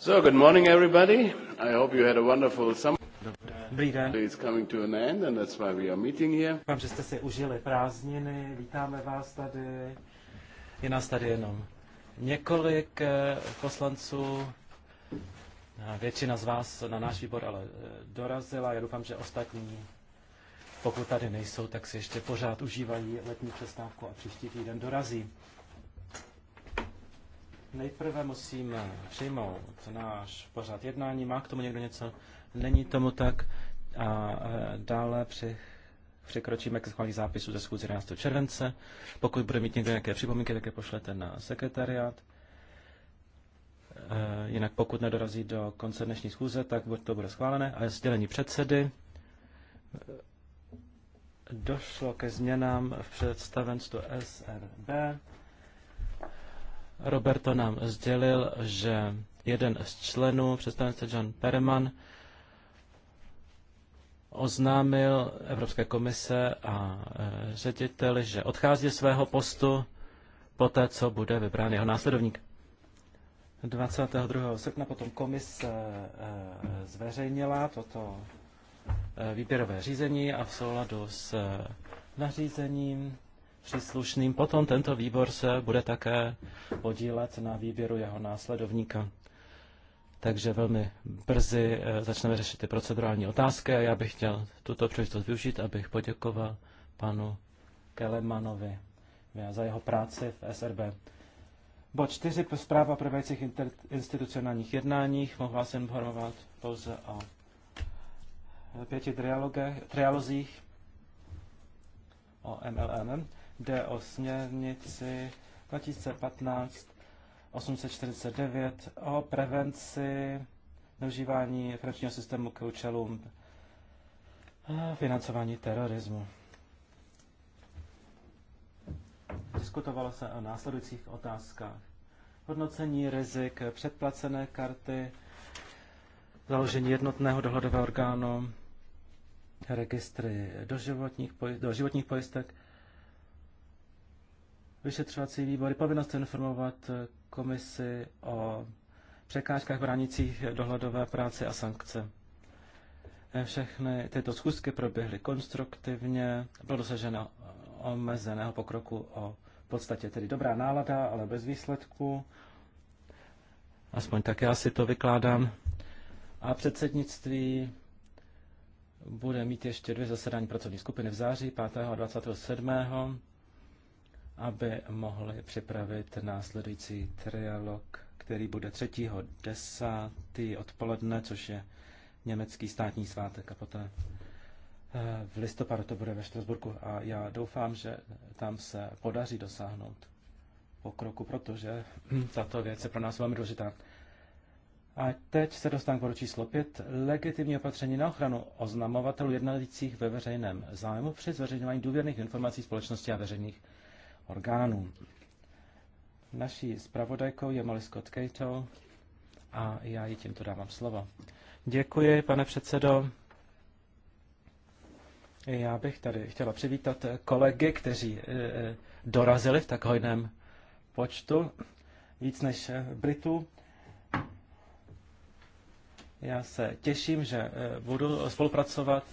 So, good morning everybody. I hope you had a wonderful summer. Dobrý den. It's coming to an end and that's why we are meeting here. Vám, že jste si užili prázdniny. Vítáme vás tady. Je nás tady jenom několik eh, poslanců. Eh, většina z vás na náš výbor ale eh, dorazila. Já doufám, že ostatní, pokud tady nejsou, tak si ještě pořád užívají letní přestávku a příští týden dorazí. Nejprve musíme přijmout náš pořad jednání. Má k tomu někdo něco? Není tomu tak. A e, dále při, překročíme k schválení zápisu ze schůze 11. července. Pokud bude mít někdo nějaké připomínky, tak je pošlete na sekretariát. E, jinak pokud nedorazí do konce dnešní schůze, tak to bude schválené. A sdělení předsedy. E, došlo ke změnám v představenstvu SRB. Roberto nám sdělil, že jeden z členů, představitel John Perman, oznámil Evropské komise a e, řediteli, že odchází svého postu poté, co bude vybrán jeho následovník. 22. srpna potom komise e, e, zveřejnila toto výběrové řízení a v souladu s nařízením příslušným. Potom tento výbor se bude také podílet na výběru jeho následovníka. Takže velmi brzy eh, začneme řešit ty procedurální otázky a já bych chtěl tuto příležitost využít, abych poděkoval panu Kelemanovi za jeho práci v SRB. Bod 4. Zpráva o probíhajících institucionálních jednáních. Mohu vás informovat pouze o eh, pěti trialozích o MLM. Jde o směrnici 2015 849 o prevenci neužívání finančního systému k účelům financování terorismu. Diskutovalo se o následujících otázkách. Hodnocení rizik předplacené karty, založení jednotného dohledového orgánu, registry doživotních, doživotních pojistek, vyšetřovací výbory povinnost informovat eh, komisi o překážkách bránících dohledové práci a sankce. Eh, všechny tyto schůzky proběhly konstruktivně, bylo dosaženo eh, omezeného pokroku o v podstatě tedy dobrá nálada, ale bez výsledku. Aspoň tak já si to vykládám. A předsednictví bude mít ještě dvě zasedání pracovní skupiny v září 5. a 27 aby mohli připravit následující trialog, který bude 3.10. odpoledne, což je německý státní svátek a poté eh, v listopadu to bude ve Štrasburku a já doufám, že tam se podaří dosáhnout pokroku, protože tato věc je pro nás velmi důležitá. A teď se dostanu k bodu číslo 5. Legitimní opatření na ochranu oznamovatelů jednajících ve veřejném zájmu při zveřejňování důvěrných informací společnosti a veřejných orgánů. Naší zpravodajkou je Molly Scott Cato a já ji tímto dávám slovo. Děkuji, pane předsedo. Já bych tady chtěla přivítat kolegy, kteří eh, eh, dorazili v tak hojném počtu, víc než eh, Britů. Já se těším, že budu spolupracovat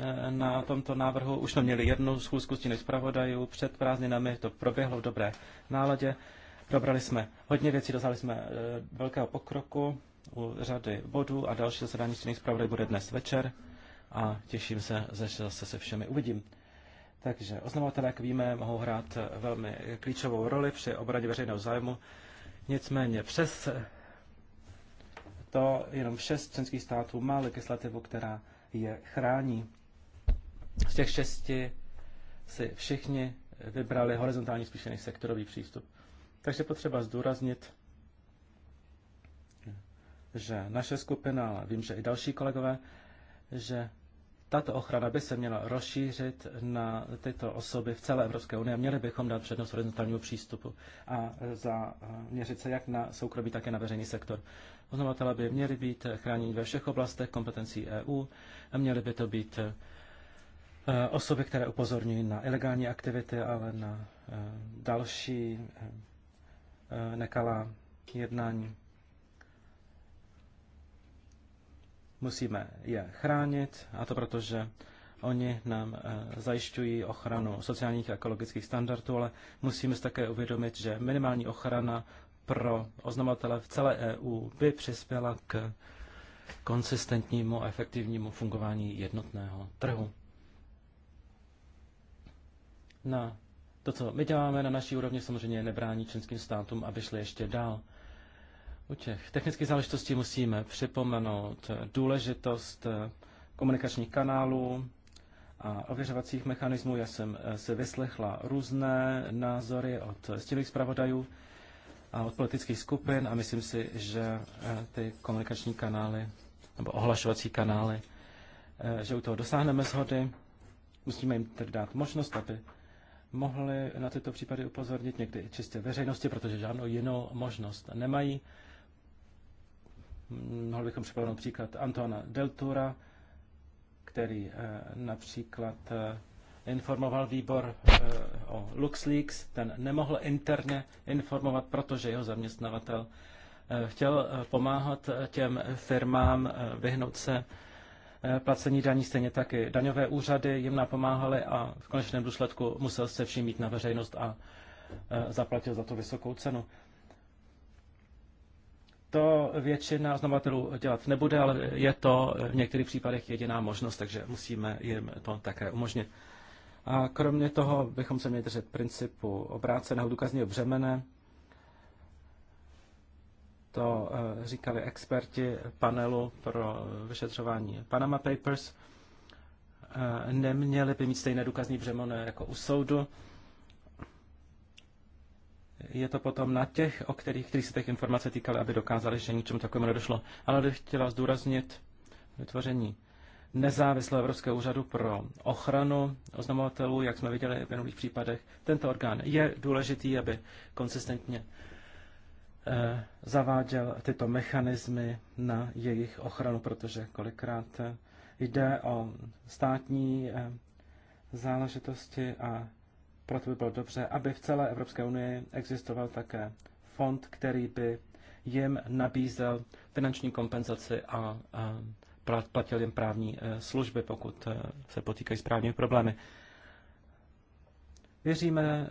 Eh, na tomto návrhu. Už jsme měli jednu schůzku s tím zpravodajů před prázdninami, to proběhlo v dobré náladě. Probrali jsme hodně věcí, dosáhli jsme eh, velkého pokroku u řady bodů a další zasedání s zpravodaj bude dnes večer a těším se, že zase se všemi uvidím. Takže oznamovatelé, jak víme, mohou hrát eh, velmi klíčovou roli při obradě veřejného zájmu. Nicméně přes to jenom šest členských států má legislativu, která je chrání. Z těch šesti si všichni vybrali horizontální spíše než sektorový přístup. Takže potřeba zdůraznit, že naše skupina, ale vím, že i další kolegové, že tato ochrana by se měla rozšířit na tyto osoby v celé Evropské unii a měli bychom dát přednost horizontálnímu přístupu a zaměřit se jak na soukromý, tak i na veřejný sektor. Oznamovatele by měli být chráněni ve všech oblastech kompetencí EU a měly by to být Eh, osoby, které upozorňují na ilegální aktivity, ale na eh, další eh, nekalá jednání. Musíme je chránit, a to proto, že oni nám zajišťují ochranu sociálních a ekologických standardů, ale musíme si také uvědomit, že minimální ochrana pro oznamovatele v celé EU by přispěla k konsistentnímu a efektivnímu fungování jednotného trhu na to, co my děláme na naší úrovni, samozřejmě nebrání členským státům, aby šli ještě dál. U těch technických záležitostí musíme připomenout důležitost eh, komunikačních kanálů a ověřovacích mechanismů. Já jsem eh, si vyslechla různé názory od stínových zpravodajů a od politických skupin a myslím si, že eh, ty komunikační kanály nebo ohlašovací kanály, že u toho dosáhneme shody. Musíme jim tedy dát možnost, aby mohli na tyto případy upozornit někdy čistě veřejnosti, protože žádnou jinou možnost nemají. Mohli bychom připomenout příklad Antona Deltura, který eh, například eh, informoval výbor eh, o LuxLeaks. Ten nemohl interně informovat, protože jeho zaměstnavatel chtěl pomáhat těm firmám vyhnout se Eh, placení daní, stejně tak i daňové úřady jim napomáhaly a v konečném důsledku musel se vším mít na veřejnost a eh, zaplatil za to vysokou cenu. To většina oznamovatelů dělat nebude, ale je to v některých případech jediná možnost, takže musíme jim to také umožnit. A kromě toho bychom se měli držet principu obráceného důkazního břemene, to eh, říkali experti panelu pro eh, vyšetřování Panama Papers. Eh, neměli by mít stejné důkazní břemeno jako u soudu. Je to potom na těch, o kterých, kterých se těch informace týkaly, aby dokázali, že ničemu takovému nedošlo. Ale bych chtěla zdůraznit vytvoření nezávislého Evropského úřadu pro ochranu oznamovatelů, jak jsme viděli v minulých případech. Tento orgán je důležitý, aby konsistentně Eh, zaváděl tyto mechanismy na jejich ochranu, protože kolikrát eh, jde o státní eh, záležitosti a proto by bylo dobře, aby v celé Evropské unii existoval také fond, který by jim nabízel finanční kompenzaci a platil jim právní služby, pokud se potýkají s právními problémy. Věříme eh,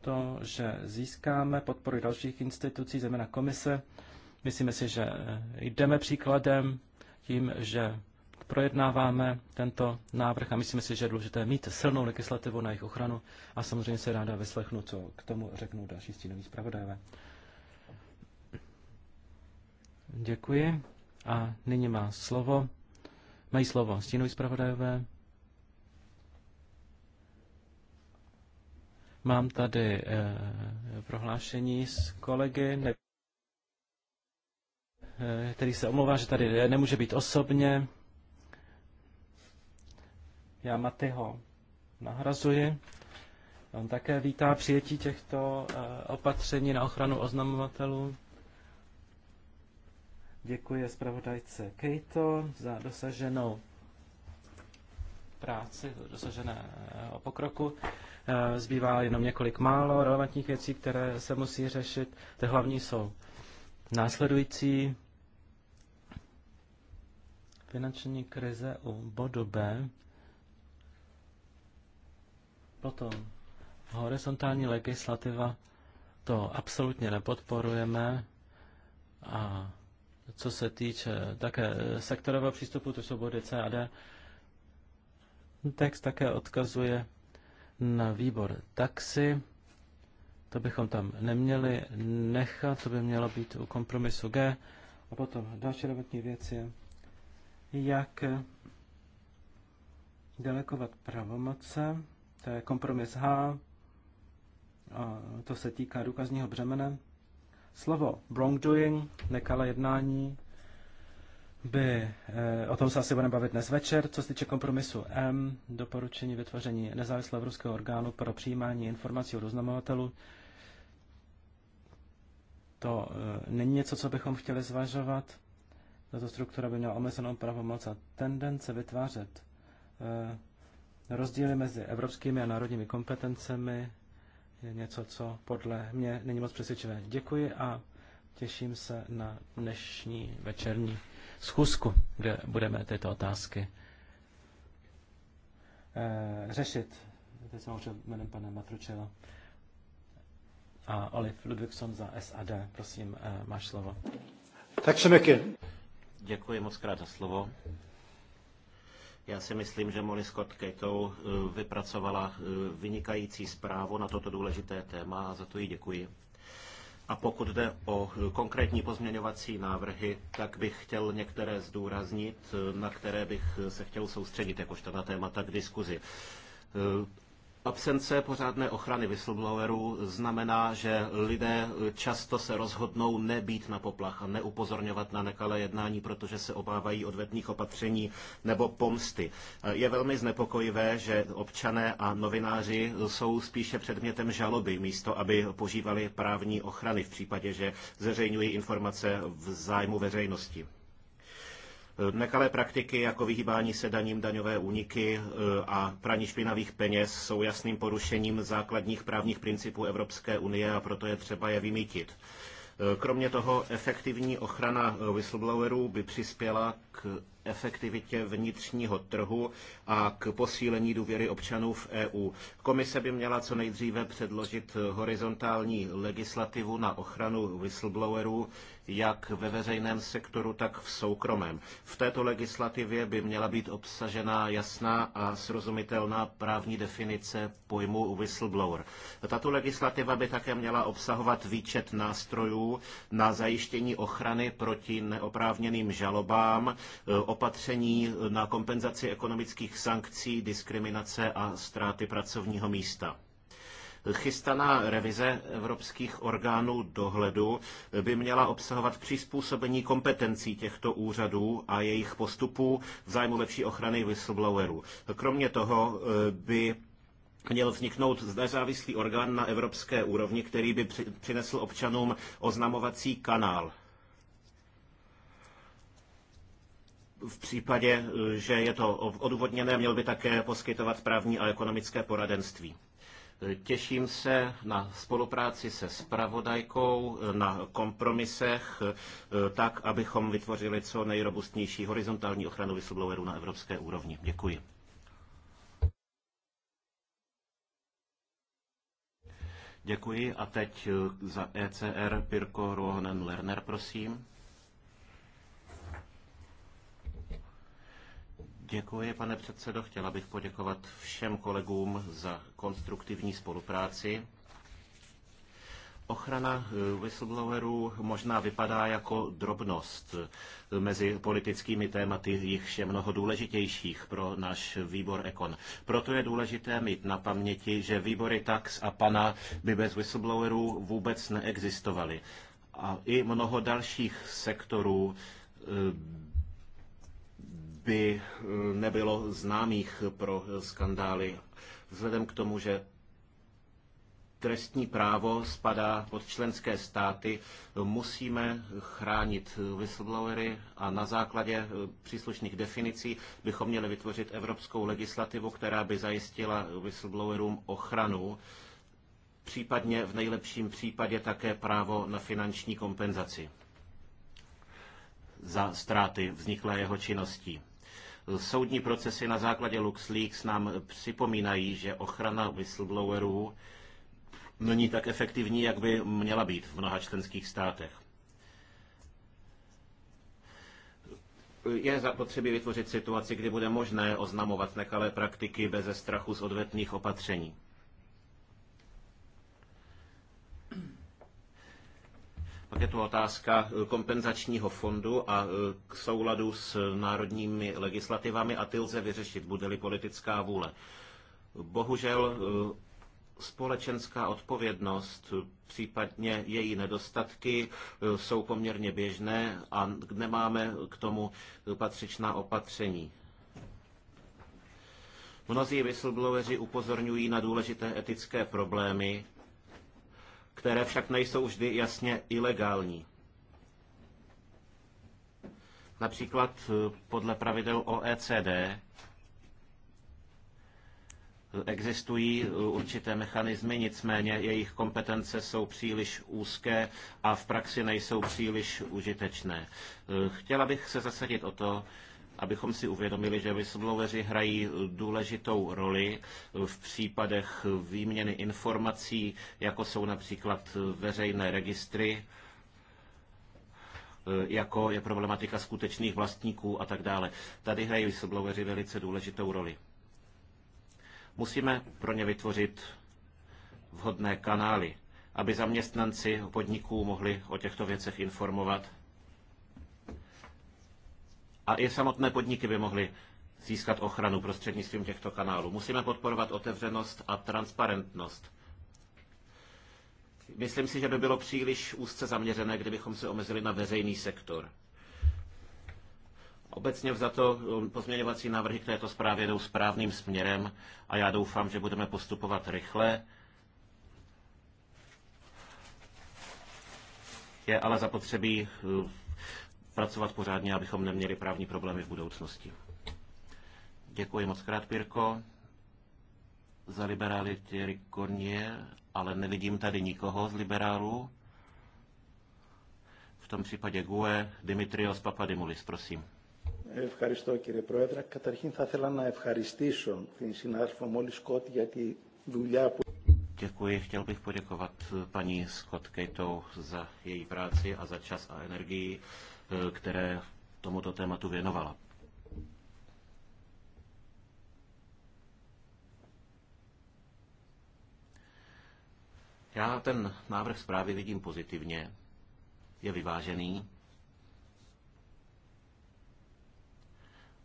to, že získáme podporu dalších institucí, zejména komise. Myslíme si, že eh, jdeme příkladem tím, že projednáváme tento návrh a myslíme si, že je důležité mít silnou legislativu na jejich ochranu a samozřejmě se ráda vyslechnu, co k tomu řeknou další stínoví zpravodajové. Děkuji. A nyní má slovo, mají slovo stínoví zpravodajové. Mám tady eh, prohlášení z kolegy, eh, který se omlouvá, že tady nemůže být osobně. Já Matyho nahrazuji. On také vítá přijetí těchto eh, opatření na ochranu oznamovatelů. Děkuji zpravodajce Kejto za dosaženou práci, eh, o pokroku. Eh, zbývá jenom několik málo relevantních věcí, které se musí řešit. Ty hlavní jsou následující finanční krize u bodu B, potom horizontální legislativa, to absolutně nepodporujeme a co se týče také sektorového přístupu, to jsou body C a D, Text také odkazuje na výbor taxi. To bychom tam neměli nechat, to by mělo být u kompromisu G. A potom další robotní věc je, jak delegovat pravomoce. To je kompromis H. A to se týká důkazního břemene. Slovo wrongdoing, nekalé jednání, by, eh, o tom se asi budeme bavit dnes večer, co se týče kompromisu M, doporučení vytvoření nezávislého ruského orgánu pro přijímání informací od oznamovatelů. To eh, není něco, co bychom chtěli zvažovat. Tato struktura by měla omezenou pravomoc a tendence vytvářet eh, rozdíly mezi evropskými a národními kompetencemi je něco, co podle mě není moc přesvědčivé. Děkuji a Těším se na dnešní večerní schůzku, kde budeme tyto otázky eh, řešit. To jsem hovořil jménem pana Matručela. A Oliv Ludvíkson za SAD, prosím, eh, máš slovo. Tak se měký. Děkuji moc krát za slovo. Já si myslím, že Molly Scott Cato eh, vypracovala eh, vynikající zprávu na toto důležité téma a za to jí děkuji. A pokud jde o konkrétní pozměňovací návrhy, tak bych chtěl některé zdůraznit, na které bych se chtěl soustředit, jakožto na témata k diskuzi. Absence pořádné ochrany whistleblowerů znamená, že lidé často se rozhodnou nebýt na poplach a neupozorňovat na nekalé jednání, protože se obávají odvetných opatření nebo pomsty. Je velmi znepokojivé, že občané a novináři jsou spíše předmětem žaloby, místo aby požívali právní ochrany v případě, že zveřejňují informace v zájmu veřejnosti. Eh, nekalé praktiky jako vyhýbání se daním, daňové úniky eh, a praní špinavých peněz jsou jasným porušením základních právních principů Evropské unie a proto je třeba je vymítit. Eh, kromě toho efektivní ochrana whistleblowerů by přispěla k efektivitě vnitřního trhu a k posílení důvěry občanů v EU. Komise by měla co nejdříve předložit horizontální legislativu na ochranu whistleblowerů, jak ve veřejném sektoru, tak v soukromém. V této legislativě by měla být obsažena jasná a srozumitelná právní definice pojmu whistleblower. Tato legislativa by také měla obsahovat výčet nástrojů na zajištění ochrany proti neoprávněným žalobám, opatření na kompenzaci ekonomických sankcí, diskriminace a ztráty pracovního místa. Chystaná revize evropských orgánů dohledu by měla obsahovat přizpůsobení kompetencí těchto úřadů a jejich postupů v zájmu lepší ochrany whistleblowerů. Kromě toho eh, by měl vzniknout nezávislý orgán na evropské úrovni, který by přinesl občanům oznamovací kanál v případě, eh, že je to odůvodněné, měl by také poskytovat právní a ekonomické poradenství. Těším se na spolupráci se spravodajkou, na kompromisech, eh, tak, abychom vytvořili co nejrobustnější horizontální ochranu whistleblowerů na evropské úrovni. Děkuji. Děkuji a teď eh, za ECR Pirko Ruohonen Lerner, prosím. Děkuji, pane předsedo. Chtěla bych poděkovat všem kolegům za konstruktivní spolupráci. Ochrana eh, whistleblowerů možná vypadá jako drobnost mezi politickými tématy, jichž je mnoho důležitějších pro náš výbor Ekon. Proto je důležité mít na paměti, že výbory Tax a Pana by bez whistleblowerů vůbec neexistovaly. A i mnoho dalších sektorů eh, by eh, nebylo známých pro skandály, vzhledem k tomu, že trestní právo spadá pod členské státy, musíme chránit whistleblowery a na základě eh, příslušných definicí bychom měli vytvořit evropskou legislativu, která by zajistila whistleblowerům ochranu, případně v nejlepším případě také právo na finanční kompenzaci za ztráty vzniklé jeho činností. Soudní procesy na základě LuxLeaks nám připomínají, že ochrana whistleblowerů není tak efektivní, jak by měla být v mnoha členských státech. je zapotřebí vytvořit situaci, kdy bude možné oznamovat nekalé praktiky bez strachu z odvetných opatření. Pak je tu otázka eh, kompenzačního fondu a eh, k souladu s národními legislativami a ty lze vyřešit, bude-li politická vůle. Bohužel eh, společenská odpovědnost, případně její nedostatky, jsou poměrně běžné a nemáme k tomu patřičná opatření. Mnozí whistlebloweri upozorňují na důležité etické problémy, které však nejsou vždy jasně ilegální. Například eh, podle pravidel OECD eh, Existují eh, určité mechanismy, nicméně jejich kompetence jsou příliš úzké a v praxi nejsou příliš užitečné. Chtěla bych se zasadit o to, abychom si uvědomili, že whistlebloweři hrají důležitou roli v případech výměny informací, jako jsou například veřejné registry, jako je problematika skutečných vlastníků a tak dále. Tady hrají whistlebloweri velice důležitou roli. Musíme pro ně vytvořit vhodné kanály, aby zaměstnanci podniků mohli o těchto věcech informovat a i samotné podniky by mohly získat ochranu prostřednictvím těchto kanálů. Musíme podporovat otevřenost a transparentnost. Myslím si, že by bylo příliš úzce zaměřené, kdybychom se omezili na veřejný sektor. Obecně za to um, pozměňovací návrhy k této zprávě jdou správným směrem a já doufám, že budeme postupovat rychle. Je ale zapotřebí um, pracovat pořádně, abychom neměli právní problémy v budoucnosti. Děkuji moc krát, Pirko. Za liberály Thierry Cornier, ale nevidím tady nikoho z liberálů. V tom případě GUE Dimitrios Papadimulis, prosím. Ευχαριστώ κύριε Πρόεδρε. Καταρχήν θα ήθελα να ευχαριστήσω την συνάδελφο Μόλι Σκότ για τη δουλειά που... Děkuji, chtěl bych poděkovat paní Scott Kejtou za její práci a za čas a energii, Eh, které tomuto tématu věnovala. Já ten návrh zprávy vidím pozitivně. Je vyvážený.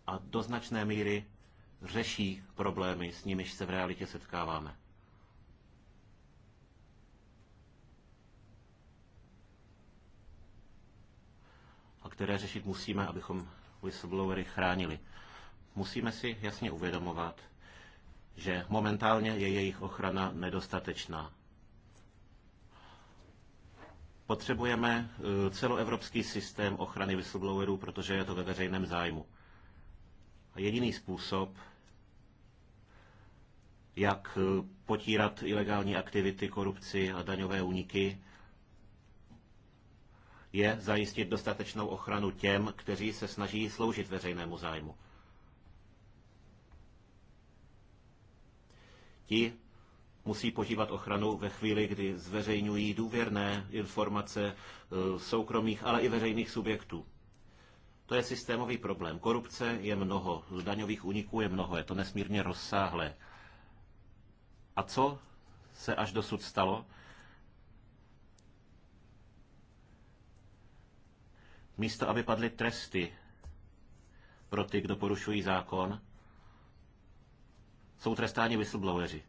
A do značné míry řeší problémy, s nimiž se v realitě setkáváme. které řešit musíme, abychom whistleblowery chránili. Musíme si jasně uvědomovat, že momentálně je jejich ochrana nedostatečná. Potřebujeme eh, celoevropský systém ochrany whistleblowerů, protože je to ve veřejném zájmu. A jediný způsob, jak eh, potírat ilegální aktivity, korupci a daňové úniky, je zajistit dostatečnou ochranu těm, kteří se snaží sloužit veřejnému zájmu. Ti musí požívat ochranu ve chvíli, kdy zveřejňují důvěrné informace e, soukromých, ale i veřejných subjektů. To je systémový problém. Korupce je mnoho, daňových úniků je mnoho, je to nesmírně rozsáhlé. A co se až dosud stalo? Místo, aby padly tresty pro ty, kdo porušují zákon, jsou trestáni whistlebloweri.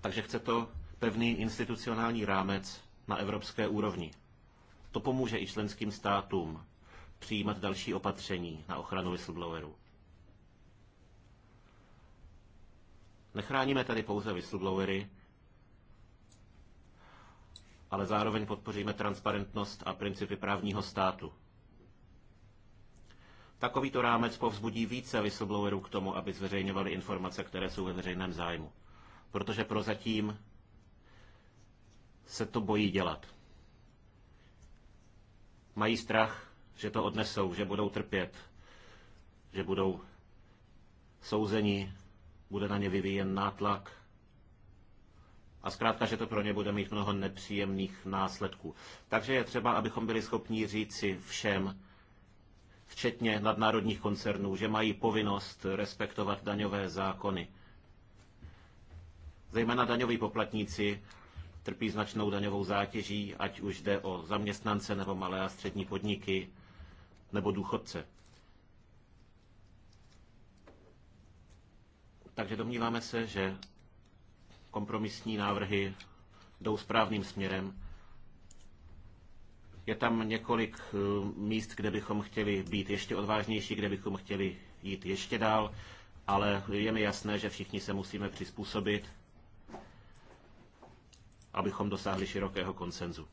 Takže chce to pevný institucionální rámec na evropské úrovni. To pomůže i členským státům přijímat další opatření na ochranu whistleblowerů. Nechráníme tady pouze whistleblowery, ale zároveň podpoříme transparentnost a principy právního státu. Takovýto rámec povzbudí více whistleblowerů k tomu, aby zveřejňovali informace, které jsou ve veřejném zájmu. Protože prozatím se to bojí dělat. Mají strach, že to odnesou, že budou trpět, že budou souzeni, bude na ně vyvíjen nátlak, a zkrátka, že to pro ně bude mít mnoho nepříjemných následků. Takže je třeba, abychom byli schopni říci všem, včetně nadnárodních koncernů, že mají povinnost respektovat daňové zákony. Zejména daňoví poplatníci trpí značnou daňovou zátěží, ať už jde o zaměstnance nebo malé a střední podniky nebo důchodce. Takže domníváme se, že kompromisní návrhy jdou správným směrem. Je tam několik eh, míst, kde bychom chtěli být ještě odvážnější, kde bychom chtěli jít ještě dál, ale je mi jasné, že všichni se musíme přizpůsobit, abychom dosáhli širokého konsenzu.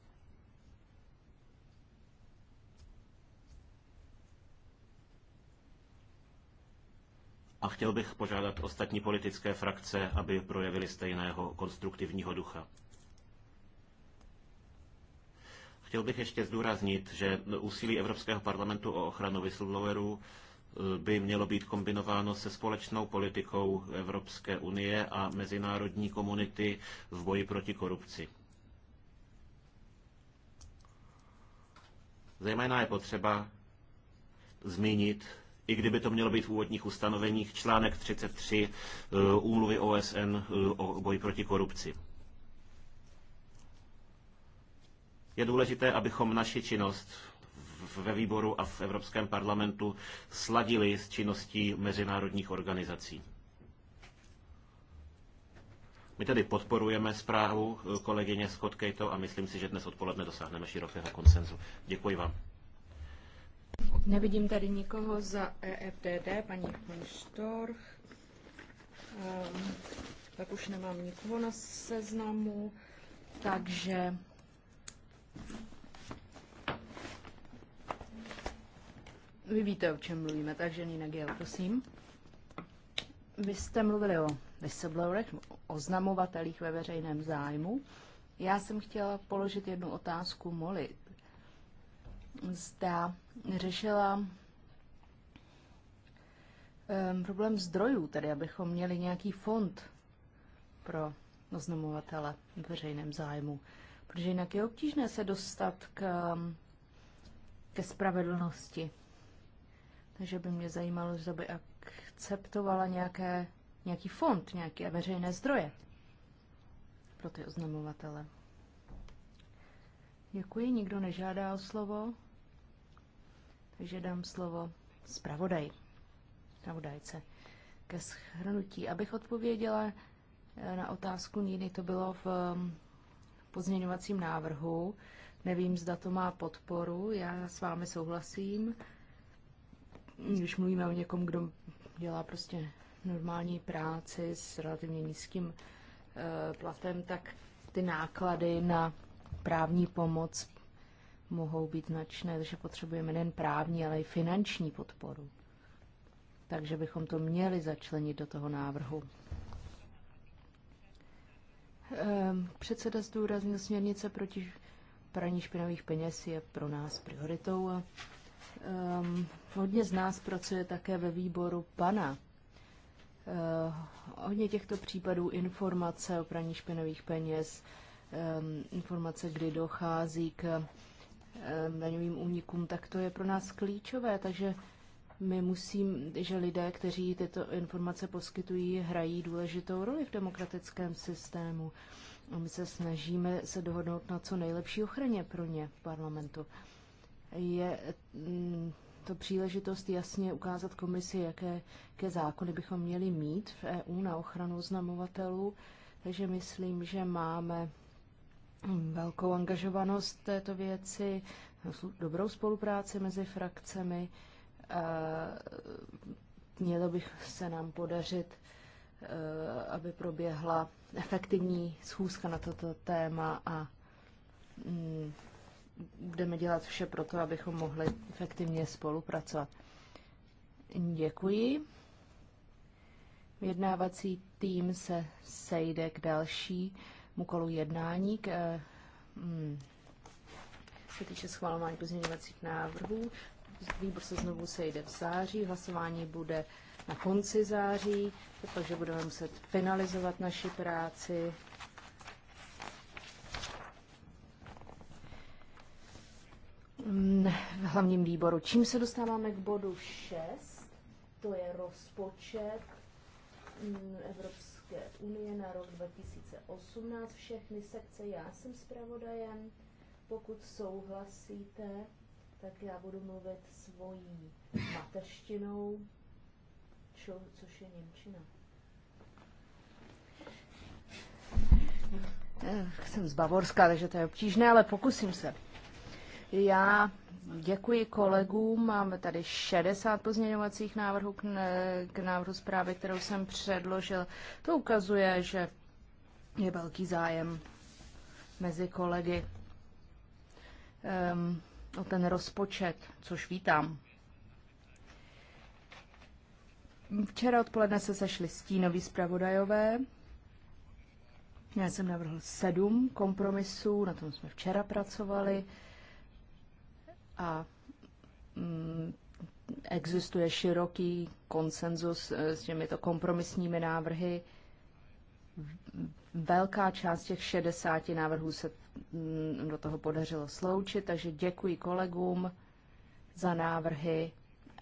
a chtěl bych požádat ostatní politické frakce, aby projevili stejného konstruktivního ducha. Chtěl bych ještě zdůraznit, že úsilí Evropského parlamentu o ochranu whistleblowerů eh, by mělo být kombinováno se společnou politikou Evropské unie a mezinárodní komunity v boji proti korupci. Zejména je potřeba zmínit i kdyby to mělo být v úvodních ustanoveních, článek 33 eh, úmluvy OSN eh, o boji proti korupci. Je důležité, abychom naši činnost ve výboru a v Evropském parlamentu sladili s činností mezinárodních organizací. My tedy podporujeme zprávu eh, kolegyně Scott Cato a myslím si, že dnes odpoledne dosáhneme širokého konsenzu. Děkuji vám. Nevidím tady nikoho za EFDD, paní Hoňštorch. Um, ehm, tak už nemám nikoho na seznamu, takže Vy víte, o čem mluvíme, takže Nina Gale, prosím. Vy jste mluvili o whistleblowerech, oznamovatelích ve veřejném zájmu. Já jsem chtěla položit jednu otázku Moli zda řešila um, problém zdrojů, tedy abychom měli nějaký fond pro oznamovatele v veřejném zájmu, protože jinak je obtížné se dostat k, ehm, ke spravedlnosti. Takže by mě zajímalo, zda by akceptovala nějaké, nějaký fond, nějaké veřejné zdroje pro ty oznamovatele. Děkuji, nikdo nežádá o slovo, takže dám slovo zpravodaj, zpravodajce ke schrnutí. Abych odpověděla eh, na otázku Níny, to bylo v mm, pozměňovacím návrhu. Nevím, zda to má podporu, já s vámi souhlasím. Když mluvíme o někom, kdo dělá prostě normální práci s relativně nízkým eh, platem, tak ty náklady na právní pomoc mohou být značné, že potřebujeme nejen právní, ale i finanční podporu. Takže bychom to měli začlenit do toho návrhu. Ehm, předseda zdůraznil směrnice proti praní špinavých peněz je pro nás prioritou a um, hodně z nás pracuje také ve výboru PANA. Uh, hodně těchto případů informace o praní špinavých peněz Ehm, informace, kdy dochází k ehm, daňovým únikům, tak to je pro nás klíčové. Takže my musím, že lidé, kteří tyto informace poskytují, hrají důležitou roli v demokratickém systému. A my se snažíme se dohodnout na co nejlepší ochraně pro ně v parlamentu. Je mm, to příležitost jasně ukázat komisi, jaké, jaké zákony bychom měli mít v EU na ochranu oznamovatelů. Takže myslím, že máme velkou angažovanost této věci, dobrou spolupráci mezi frakcemi. Mělo bych se nám podařit, e, aby proběhla efektivní schůzka na toto téma a mm, budeme dělat vše pro to, abychom mohli efektivně spolupracovat. Děkuji. Vyjednávací tým se sejde k další úkolu jednání k eh, hm, se týče schvalování pozměňovacích návrhů. Výbor se znovu sejde v září, hlasování bude na konci září, takže budeme muset finalizovat naši práci. Hm, v hlavním výboru. Čím se dostáváme k bodu 6, to je rozpočet hm, Evropské Evropské unie na rok 2018, všechny sekce, já jsem zpravodajem. Pokud souhlasíte, tak já budu mluvit svojí mateřštinou, čo, což je Němčina. Eh, jsem z Bavorska, takže to je obtížné, ale pokusím se. Já Děkuji kolegům. Máme tady 60 pozměňovacích návrhů k, k návrhu zprávy, kterou jsem předložil. To ukazuje, že je velký zájem mezi kolegy um, o ten rozpočet, což vítám. Včera odpoledne se sešli stínoví zpravodajové. Já jsem navrhl sedm kompromisů, na tom jsme včera pracovali. Uh, a mm, existuje široký konsenzus eh, s těmito kompromisními návrhy. Velká část těch 60 návrhů se mm, do toho podařilo sloučit, takže děkuji kolegům za návrhy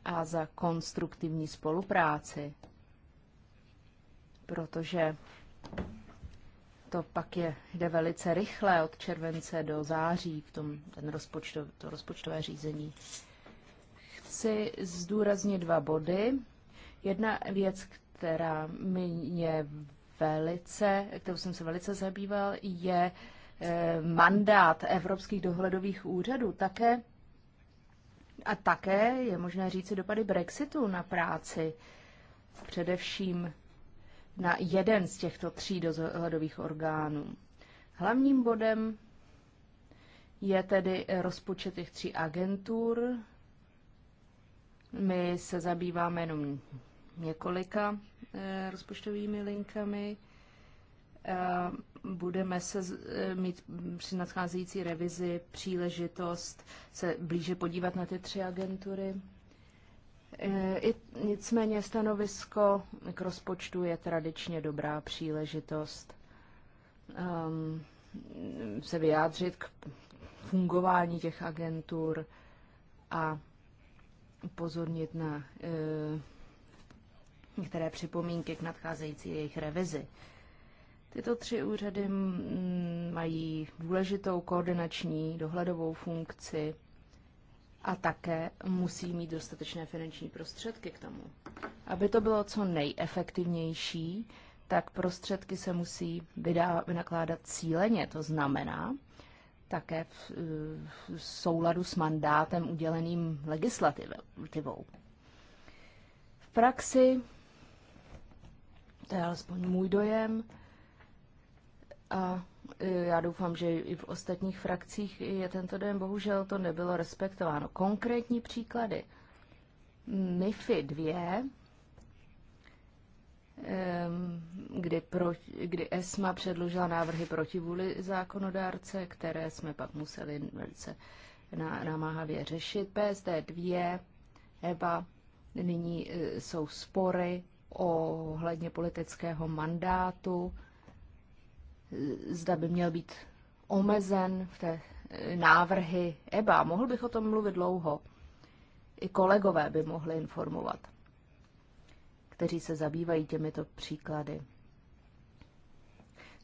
a za konstruktivní spolupráci, protože to pak je, jde velice rychle od července do září v tom ten rozpočto, to rozpočtové řízení. Chci zdůraznit dva body. Jedna věc, která mě velice, kterou jsem se velice zabýval, je eh, mandát evropských dohledových úřadů. Také a také je možné říci dopady Brexitu na práci, především na jeden z těchto tří dozhledových orgánů. Hlavním bodem je tedy rozpočet těch tří agentur. My se zabýváme jenom několika eh, rozpočtovými linkami. Eh, budeme se eh, mít při nadcházející revizi příležitost se blíže podívat na ty tři agentury. Eh, I, nicméně stanovisko k rozpočtu je tradičně dobrá příležitost um, se vyjádřit k fungování těch agentur a upozornit na uh, některé připomínky k nadcházející jejich revizi. Tyto tři úřady mm, mají důležitou koordinační dohledovou funkci a také musí mít dostatečné finanční prostředky k tomu. Aby to bylo co nejefektivnější, tak prostředky se musí vydá, vynakládat cíleně. To znamená také v, v souladu s mandátem uděleným legislativou. V praxi, to je alespoň můj dojem, a já doufám, že i v ostatních frakcích je tento den, bohužel to nebylo respektováno. Konkrétní příklady. MIFI 2, kdy, pro, kdy ESMA předložila návrhy proti vůli zákonodárce, které jsme pak museli velice namáhavě řešit. PSD 2, EBA, nyní e, jsou spory ohledně politického mandátu zda by měl být omezen v té eh, návrhy EBA. Mohl bych o tom mluvit dlouho. I kolegové by mohli informovat, kteří se zabývají těmito příklady.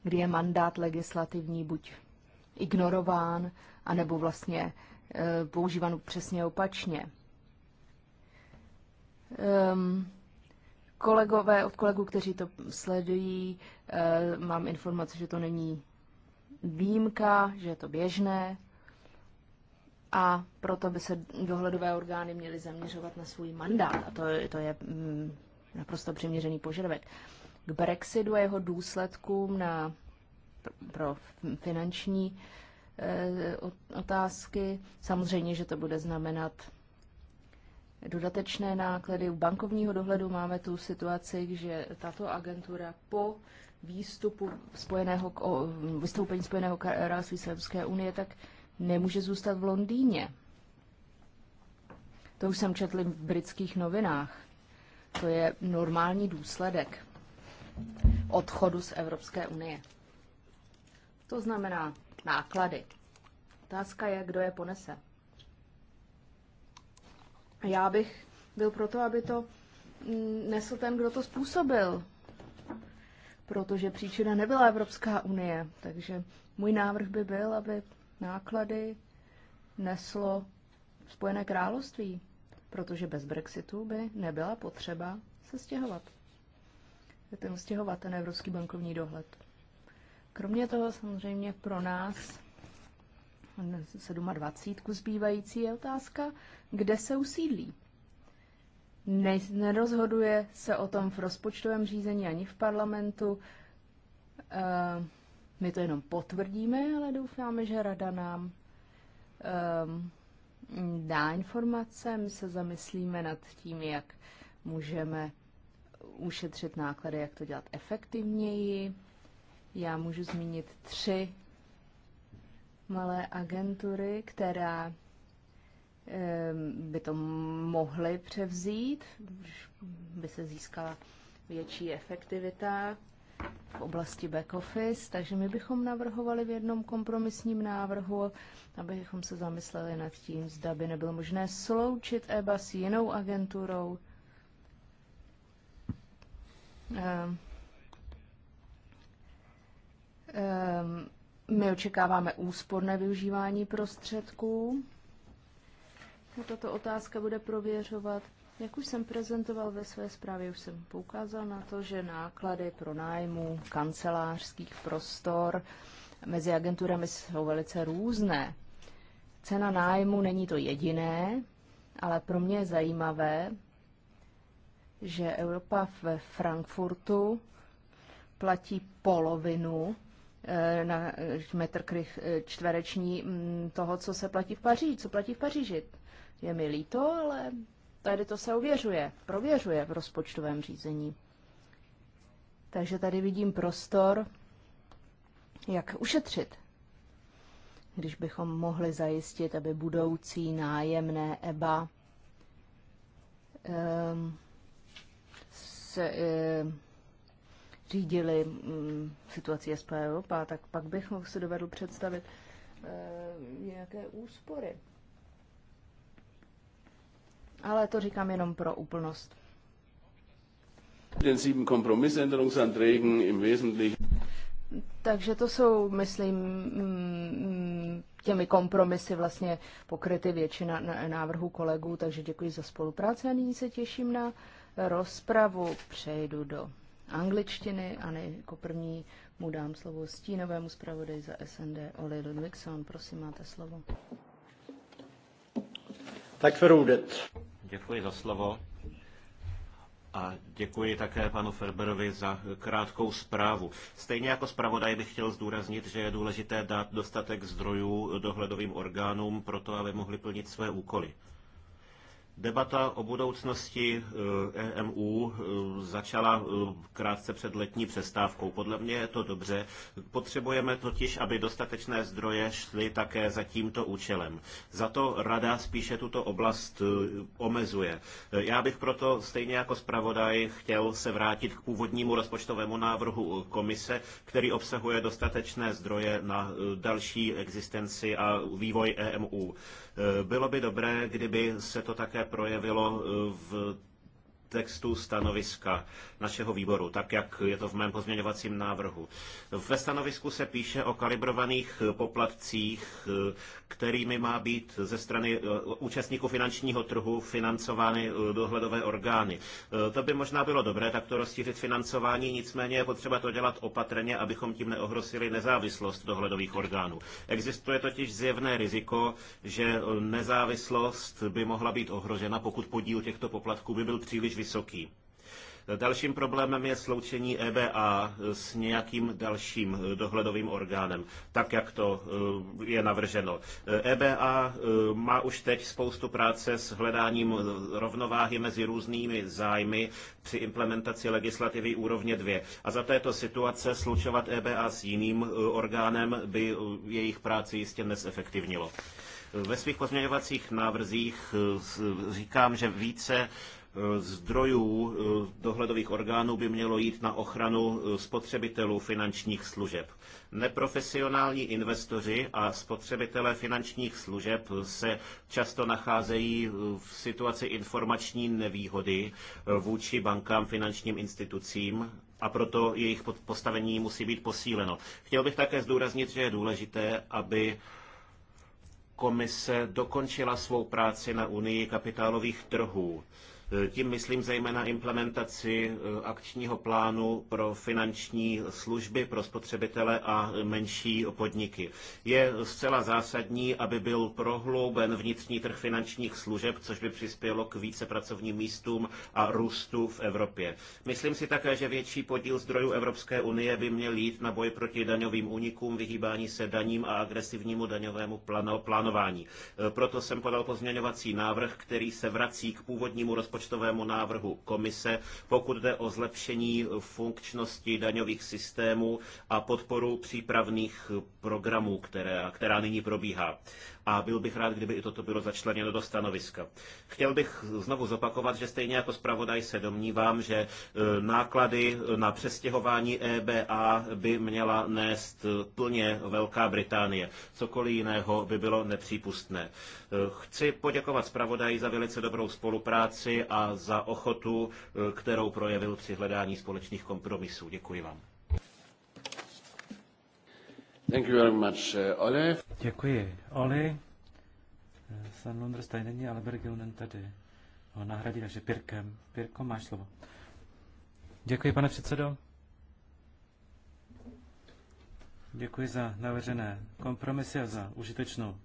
Kdy je mandát legislativní buď ignorován, anebo vlastně eh, používan přesně opačně. Ehm, Kolegové od kolegů, kteří to sledují, eh, mám informace, že to není výjimka, že je to běžné a proto by se dohledové orgány měly zaměřovat na svůj mandát. A to, to je mm, naprosto přiměřený požadavek. K Brexitu a jeho důsledkům na, pro finanční e, otázky. Samozřejmě, že to bude znamenat dodatečné náklady. U bankovního dohledu máme tu situaci, že tato agentura po výstupu spojeného, o, vystoupení Spojeného království Evropské unie, tak nemůže zůstat v Londýně. To už jsem četl v britských novinách. To je normální důsledek odchodu z Evropské unie. To znamená náklady. Otázka je, kdo je ponese já bych byl proto, aby to mm, nesl ten, kdo to způsobil. Protože příčina nebyla Evropská unie. Takže můj návrh by byl, aby náklady neslo Spojené království, protože bez Brexitu by nebyla potřeba se stěhovat. Je ten stěhovat ten evropský bankovní dohled. Kromě toho samozřejmě pro nás 27 zbývající je otázka, kde se usídlí. Ne, nerozhoduje se o tom v rozpočtovém řízení ani v parlamentu. E, my to jenom potvrdíme, ale doufáme, že rada nám e, dá informace. My se zamyslíme nad tím, jak můžeme ušetřit náklady, jak to dělat efektivněji. Já můžu zmínit tři malé agentury, která ehm, by to mohly převzít, by se získala větší efektivita v oblasti back office, takže my bychom navrhovali v jednom kompromisním návrhu, abychom se zamysleli nad tím, zda by nebylo možné sloučit EBA s jinou agenturou. Um, um, my očekáváme úsporné využívání prostředků. Tato otázka bude prověřovat. Jak už jsem prezentoval ve své zprávě, už jsem poukázal na to, že náklady pro nájmu kancelářských prostor mezi agenturami jsou velice různé. Cena nájmu není to jediné, ale pro mě je zajímavé, že Europa ve Frankfurtu platí polovinu Eh, na metr krych eh, čtvereční mm, toho, co se platí v Paříži, co platí v Paříži. Je mi líto, ale tady to se ověřuje, prověřuje v rozpočtovém řízení. Takže tady vidím prostor, jak ušetřit, když bychom mohli zajistit, aby budoucí nájemné EBA um, ehm, se, um, řídili mm, situaci SP Europa, tak pak bych si dovedl představit eh, nějaké úspory. Ale to říkám jenom pro úplnost. Takže to jsou, myslím, mm, těmi kompromisy vlastně pokryty většina návrhů kolegů, takže děkuji za spolupráci a nyní se těším na rozpravu. Přejdu do angličtiny a ne, jako první mu dám slovo stínovému zpravodaji za SND Oli Ludvigson. Prosím, máte slovo. Tak Ferudet. Děkuji za slovo. A děkuji také panu Ferberovi za krátkou zprávu. Stejně jako zpravodaj bych chtěl zdůraznit, že je důležité dát dostatek zdrojů dohledovým orgánům pro to, aby mohli plnit své úkoly. Debata o budoucnosti EMU eh, e eh, začala eh, krátce před letní přestávkou. Podle mě je to dobře. Potřebujeme totiž, aby dostatečné zdroje šly také za tímto účelem. Za to rada spíše tuto oblast omezuje. Já bych proto stejně jako zpravodaj chtěl se vrátit k původnímu rozpočtovému návrhu komise, který obsahuje dostatečné zdroje na další existenci a vývoj EMU. Bylo by dobré, kdyby se to také projevilo v textu stanoviska našeho výboru, tak jak je to v mém pozměňovacím návrhu. Ve stanovisku se píše o kalibrovaných poplatcích, kterými má být ze strany eh, účastníků finančního trhu financovány eh, dohledové orgány. Eh, to by možná bylo dobré takto rozšířit financování, nicméně je potřeba to dělat opatrně, abychom tím neohrosili nezávislost dohledových orgánů. Existuje totiž zjevné riziko, že nezávislost by mohla být ohrožena, pokud podíl těchto poplatků by byl příliš vysoký vysoký. Dalším problémem je sloučení EBA s nějakým dalším eh, dohledovým orgánem, tak jak to eh, je navrženo. EBA eh, e má už teď spoustu práce s hledáním rovnováhy mezi různými zájmy při implementaci legislativy úrovně 2. A za této situace slučovat EBA s jiným orgánem by jejich práci jistě nesefektivnilo. Ve svých pozměňovacích návrzích říkám, že více zdrojů eh, dohledových orgánů by mělo jít na ochranu eh, spotřebitelů finančních služeb. Neprofesionální investoři a spotřebitelé finančních služeb eh, se často nacházejí v situaci informační nevýhody vůči bankám, finančním institucím a proto jejich postavení musí být posíleno. Chtěl bych také zdůraznit, že je důležité, aby komise dokončila svou práci na Unii kapitálových trhů tím myslím zejména implementaci e, akčního plánu pro finanční služby pro spotřebitele a menší podniky. Je zcela zásadní, aby byl prohlouben vnitřní trh finančních služeb, což by přispělo k více pracovním místům a růstu v Evropě. Myslím si také, že větší podíl zdrojů Evropské unie by měl jít na boj proti daňovým únikům, vyhýbání se daním a agresivnímu daňovému plánování. E, proto jsem podal pozměňovací návrh, který se vrací k původnímu rozpočtu rozpočtovému návrhu komise, pokud jde o zlepšení funkčnosti daňových systémů a podporu přípravných programů, která, která nyní probíhá a byl bych rád, kdyby i toto bylo začleněno do stanoviska. Chtěl bych znovu zopakovat, že stejně jako zpravodaj se domnívám, že e, náklady e, na přestěhování EBA by měla nést e, plně Velká Británie. Cokoliv jiného by bylo nepřípustné. Chci poděkovat zpravodaji za velice dobrou spolupráci a za ochotu, kterou projevil při hledání společných kompromisů. Děkuji vám. Thank you very much, uh, Ole. Děkuji Oli. San Lunders tady není, ale Bergilunen tady ho nahradí, takže Pirkem. Pirko, máš slovo. Děkuji, pane předsedo. Děkuji za navržené kompromisy a za užitečnou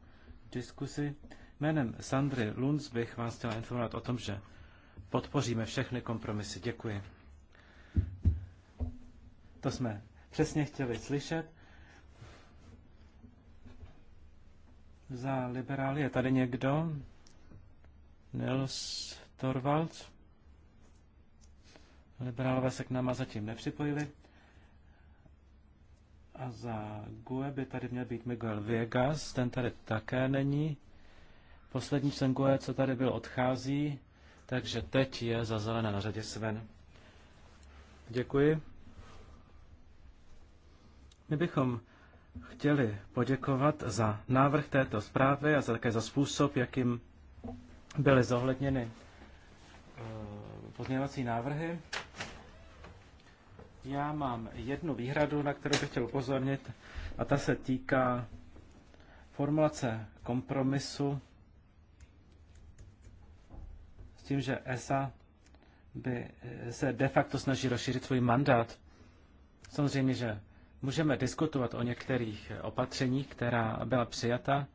diskusi. Jménem Sandry Lunds bych vás chtěla informovat o tom, že podpoříme všechny kompromisy. Děkuji. To jsme přesně chtěli slyšet. Za liberály je tady někdo? Nils Torvalds? Liberálové se k nám zatím nepřipojili. A za GUE by tady měl být Miguel Viegas, ten tady také není. Poslední člen GUE, co tady byl, odchází, takže teď je za zelené na řadě Sven. Děkuji. My bychom chtěli poděkovat za návrh této zprávy a také za způsob, jakým byly zohledněny eh, pozměňovací návrhy. Já mám jednu výhradu, na kterou bych chtěl upozornit, a ta se týká formulace kompromisu s tím, že ESA by se de facto snaží rozšířit svůj mandát. Samozřejmě, že Můžeme diskutovat o některých opatřeních, která byla přijata,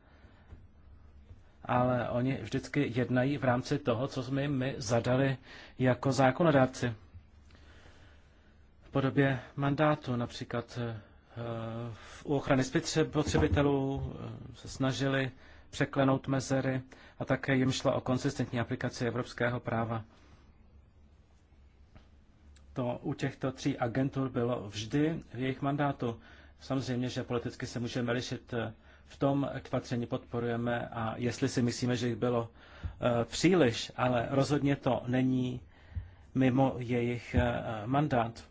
ale oni vždycky jednají v rámci toho, co jsme jim my zadali jako zákonodárci. V podobě mandátu například eh, u ochrany spotřebitelů eh, se snažili překlenout mezery a také jim šlo o konsistentní aplikaci evropského práva to u těchto tří agentur bylo vždy v jejich mandátu. Samozřejmě, že politicky se můžeme lišit eh, v tom, k patření podporujeme a jestli si myslíme, že jich bylo eh, příliš, ale rozhodně to není mimo jejich eh, mandát.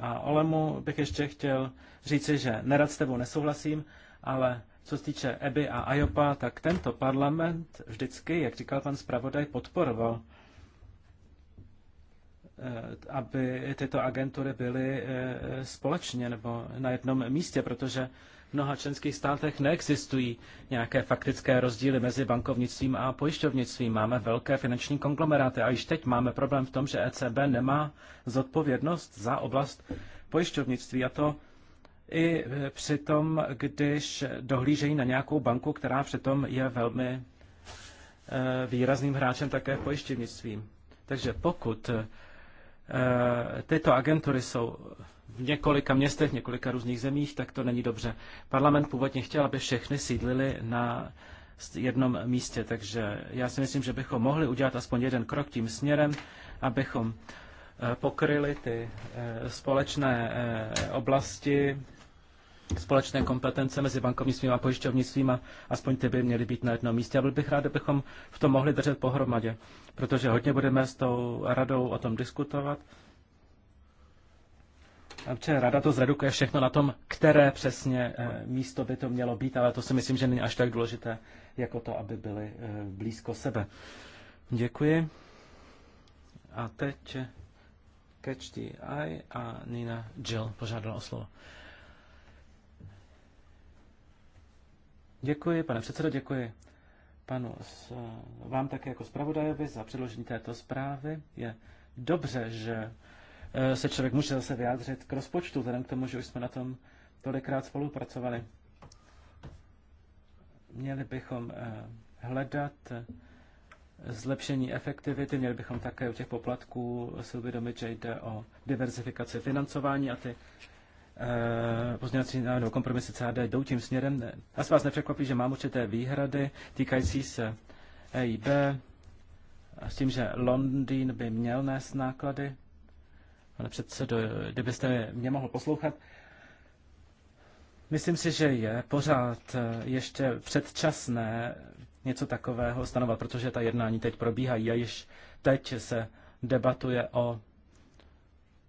A Olemu bych ještě chtěl říci, že nerad s tebou nesouhlasím, ale co se týče EBY a IOPA, tak tento parlament vždycky, jak říkal pan zpravodaj, podporoval Eh, aby tyto agentury byly eh, společně nebo na jednom místě, protože v mnoha členských státech neexistují nějaké faktické rozdíly mezi bankovnictvím a pojišťovnictvím. Máme velké finanční konglomeráty a již teď máme problém v tom, že ECB nemá zodpovědnost za oblast pojišťovnictví a to i eh, při tom, když dohlížejí na nějakou banku, která přitom je velmi výrazným hráčem také v pojišťovnictví. Takže pokud Eh, tyto agentury jsou v několika městech, v několika různých zemích, tak to není dobře. Parlament původně chtěl, aby všechny sídlili na jednom místě, takže já si myslím, že bychom mohli udělat aspoň jeden krok tím směrem, abychom eh, pokryli ty eh, společné oblasti, společné kompetence mezi bankovnictvím a pojišťovnictvím a aspoň ty by měly být na jednom místě. A byl bych rád, abychom v tom mohli držet pohromadě protože hodně budeme s tou radou o tom diskutovat. Protože rada to zredukuje všechno na tom, které přesně eh, místo by to mělo být, ale to si myslím, že není až tak důležité, jako to, aby byly eh, blízko sebe. Děkuji. A teď eh, Catch the Eye a Nina Jill požádala o slovo. Děkuji, pane předsedo, děkuji panu, vám také jako zpravodajovi za předložení této zprávy. Je dobře, že e, se člověk může zase vyjádřit k rozpočtu, vzhledem k tomu, že už jsme na tom tolikrát spolupracovali. Měli bychom e, hledat e, zlepšení efektivity, měli bychom také u těch poplatků si uvědomit, že jde o diversifikaci financování a ty Eh, pozměňovací návrh nebo kompromisy CAD jdou tím směrem. se vás nepřekvapí, že mám určité výhrady týkající se EIB s tím, že Londýn by měl nést náklady. Pane předsedo, kdybyste mě mohl poslouchat, Myslím si, že je pořád eh, ještě předčasné něco takového stanovat, protože ta jednání teď probíhají a již teď se debatuje o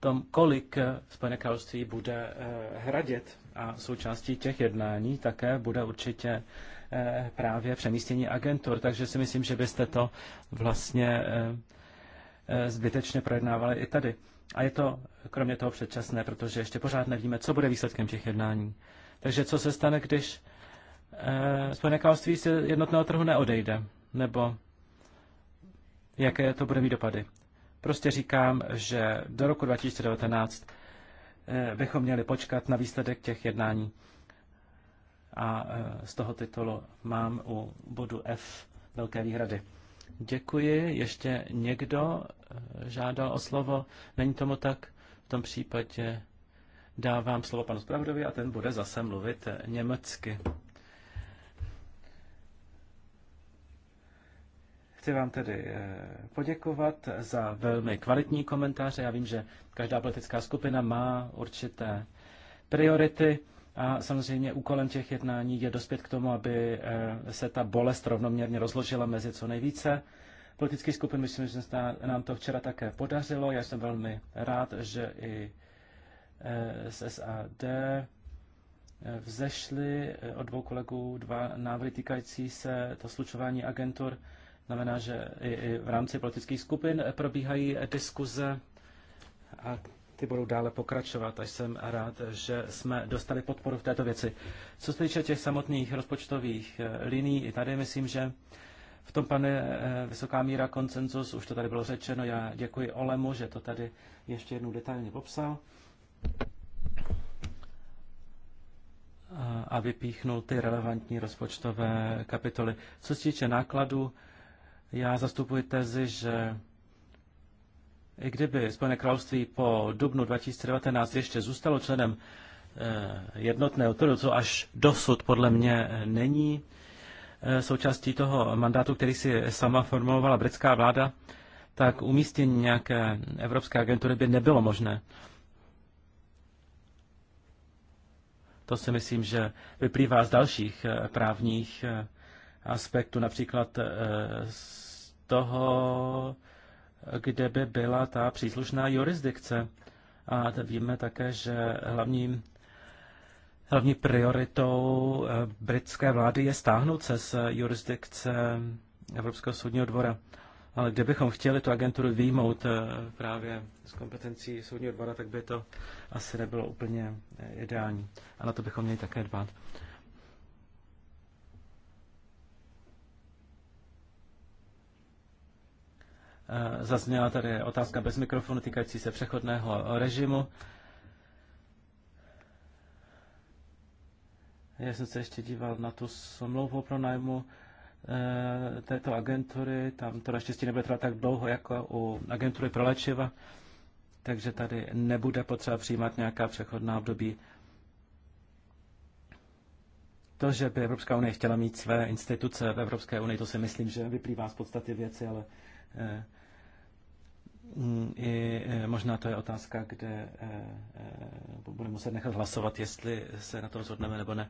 tom, kolik eh, Spojené království bude eh, hradit. A součástí těch jednání také bude určitě eh, právě přemístění agentur. Takže si myslím, že byste to vlastně zbytečně projednávali i tady. A je to kromě toho předčasné, protože ještě pořád nevíme, co bude výsledkem těch jednání. Takže co se stane, když Spojené království se jednotného trhu neodejde? Nebo jaké to bude mít dopady? Prostě říkám, že do roku 2019 eh, bychom měli počkat na výsledek těch jednání. A eh, z toho titulu mám u bodu F velké výhrady. Děkuji. Ještě někdo eh, žádal o slovo? Není tomu tak? V tom případě dávám slovo panu Spravdovi a ten bude zase mluvit německy. Chci vám tedy eh, poděkovat za velmi kvalitní komentáře. Já vím, že každá politická skupina má určité priority a samozřejmě úkolem těch jednání je dospět k tomu, aby eh, se ta bolest rovnoměrně rozložila mezi co nejvíce politických skupin. Myslím, že nám to včera také podařilo. Já jsem velmi rád, že i z eh, SAD vzešly od dvou kolegů dva návrhy týkající se to slučování agentur. Znamená, že i, v rámci politických skupin probíhají diskuze a ty budou dále pokračovat a jsem rád, že jsme dostali podporu v této věci. Co se týče těch samotných rozpočtových eh, liní, i tady myslím, že v tom pane eh, vysoká míra koncenzus, už to tady bylo řečeno, já děkuji Olemu, že to tady ještě jednou detailně popsal a vypíchnul ty relevantní rozpočtové kapitoly. Co se týče nákladů, já zastupuji tezi, že i kdyby Spojené království po dubnu 2019 ještě zůstalo členem eh, jednotného trhu, co až dosud podle mě není eh, součástí toho mandátu, který si sama formulovala britská vláda, tak umístění nějaké evropské agentury by nebylo možné. To si myslím, že vyplývá z dalších eh, právních aspektů, například z toho, kde by byla ta příslušná jurisdikce. A víme také, že hlavní, Hlavní prioritou eh, britské vlády je stáhnout se z jurisdikce Evropského soudního dvora. Ale kdybychom chtěli tu agenturu výjmout eh, právě z kompetencí soudního dvora, tak by to asi nebylo úplně eh, ideální. A na to bychom měli také dbát. Eh, zazněla tady otázka bez mikrofonu týkající se přechodného režimu. Já jsem se ještě díval na tu smlouvu pro nájmu eh, této agentury. Tam to naštěstí nebude trvat tak dlouho jako u agentury pro léčiva, takže tady nebude potřeba přijímat nějaká přechodná období. To, že by Evropská unie chtěla mít své instituce v Evropské unii, to si myslím, že vyplývá z podstaty věci, ale eh, Mm, I e, možná to je otázka, kde e, e, budeme muset nechat hlasovat, jestli se na to rozhodneme nebo ne.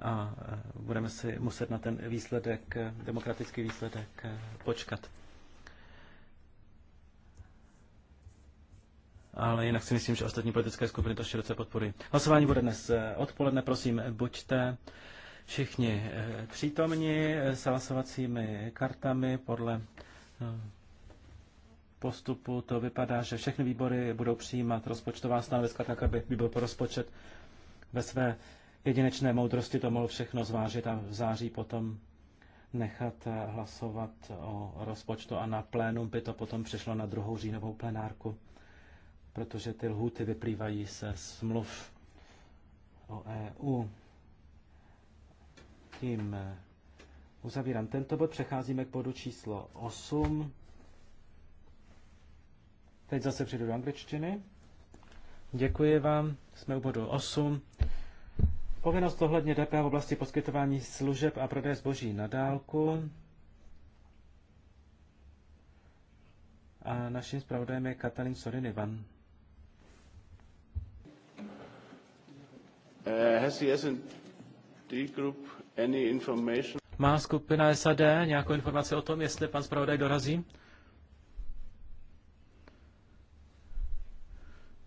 A budeme si muset na ten výsledek, demokratický výsledek počkat. Ale jinak si myslím, že ostatní politické skupiny to široce podporují. Hlasování bude dnes odpoledne, prosím, buďte všichni přítomni s hlasovacími kartami podle postupu to vypadá, že všechny výbory budou přijímat rozpočtová stanoviska tak, aby výbor pro rozpočet ve své jedinečné moudrosti to mohl všechno zvážit a v září potom nechat hlasovat o rozpočtu a na plénum by to potom přišlo na druhou říjnovou plenárku, protože ty lhůty vyplývají se smluv o EU. Tím Uzavírám tento bod, přecházíme k bodu číslo 8. Teď zase přijdu do angličtiny. Děkuji vám, jsme u bodu 8. Povinnost ohledně DPH v oblasti poskytování služeb a prodeje zboží na dálku. A naším zpravodajem je Katalin Sorin Ivan. Uh, has the S&D group any information? Má skupina SAD nějakou informaci o tom, jestli pan zpravodaj dorazí?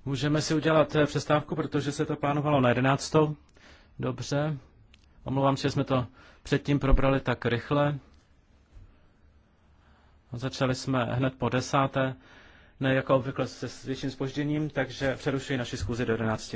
Můžeme si udělat eh, přestávku, protože se to plánovalo na 11. Dobře. Omlouvám se, že jsme to předtím probrali tak rychle. Začali jsme hned po desáté, ne jako obvykle se s větším spožděním, takže přerušuji naši schůzi do 11.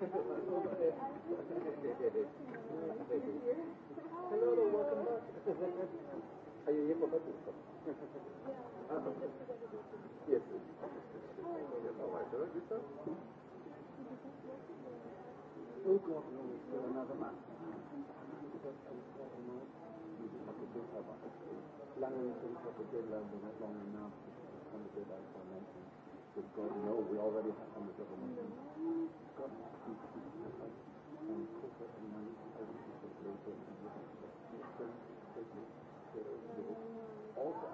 Hello, welcome back come tutto. Yes. Oh God, no, it's still another man. Lange since I could get London not long enough to come to get out of London. But God, no, we already have on the government. God,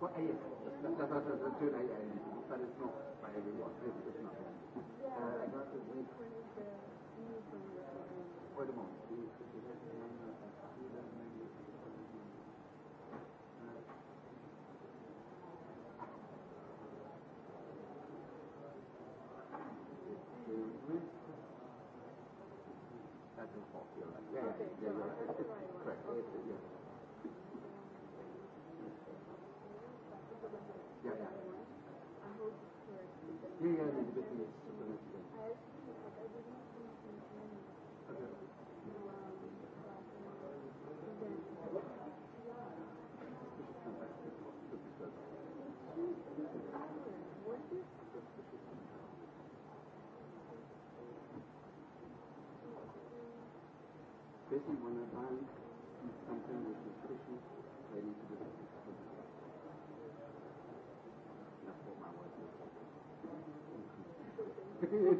Well, yes, that's, that's, that's, that's a good idea, but it's not by everyone. It's not. Yeah, uh, like, wait the, wait wait a moment.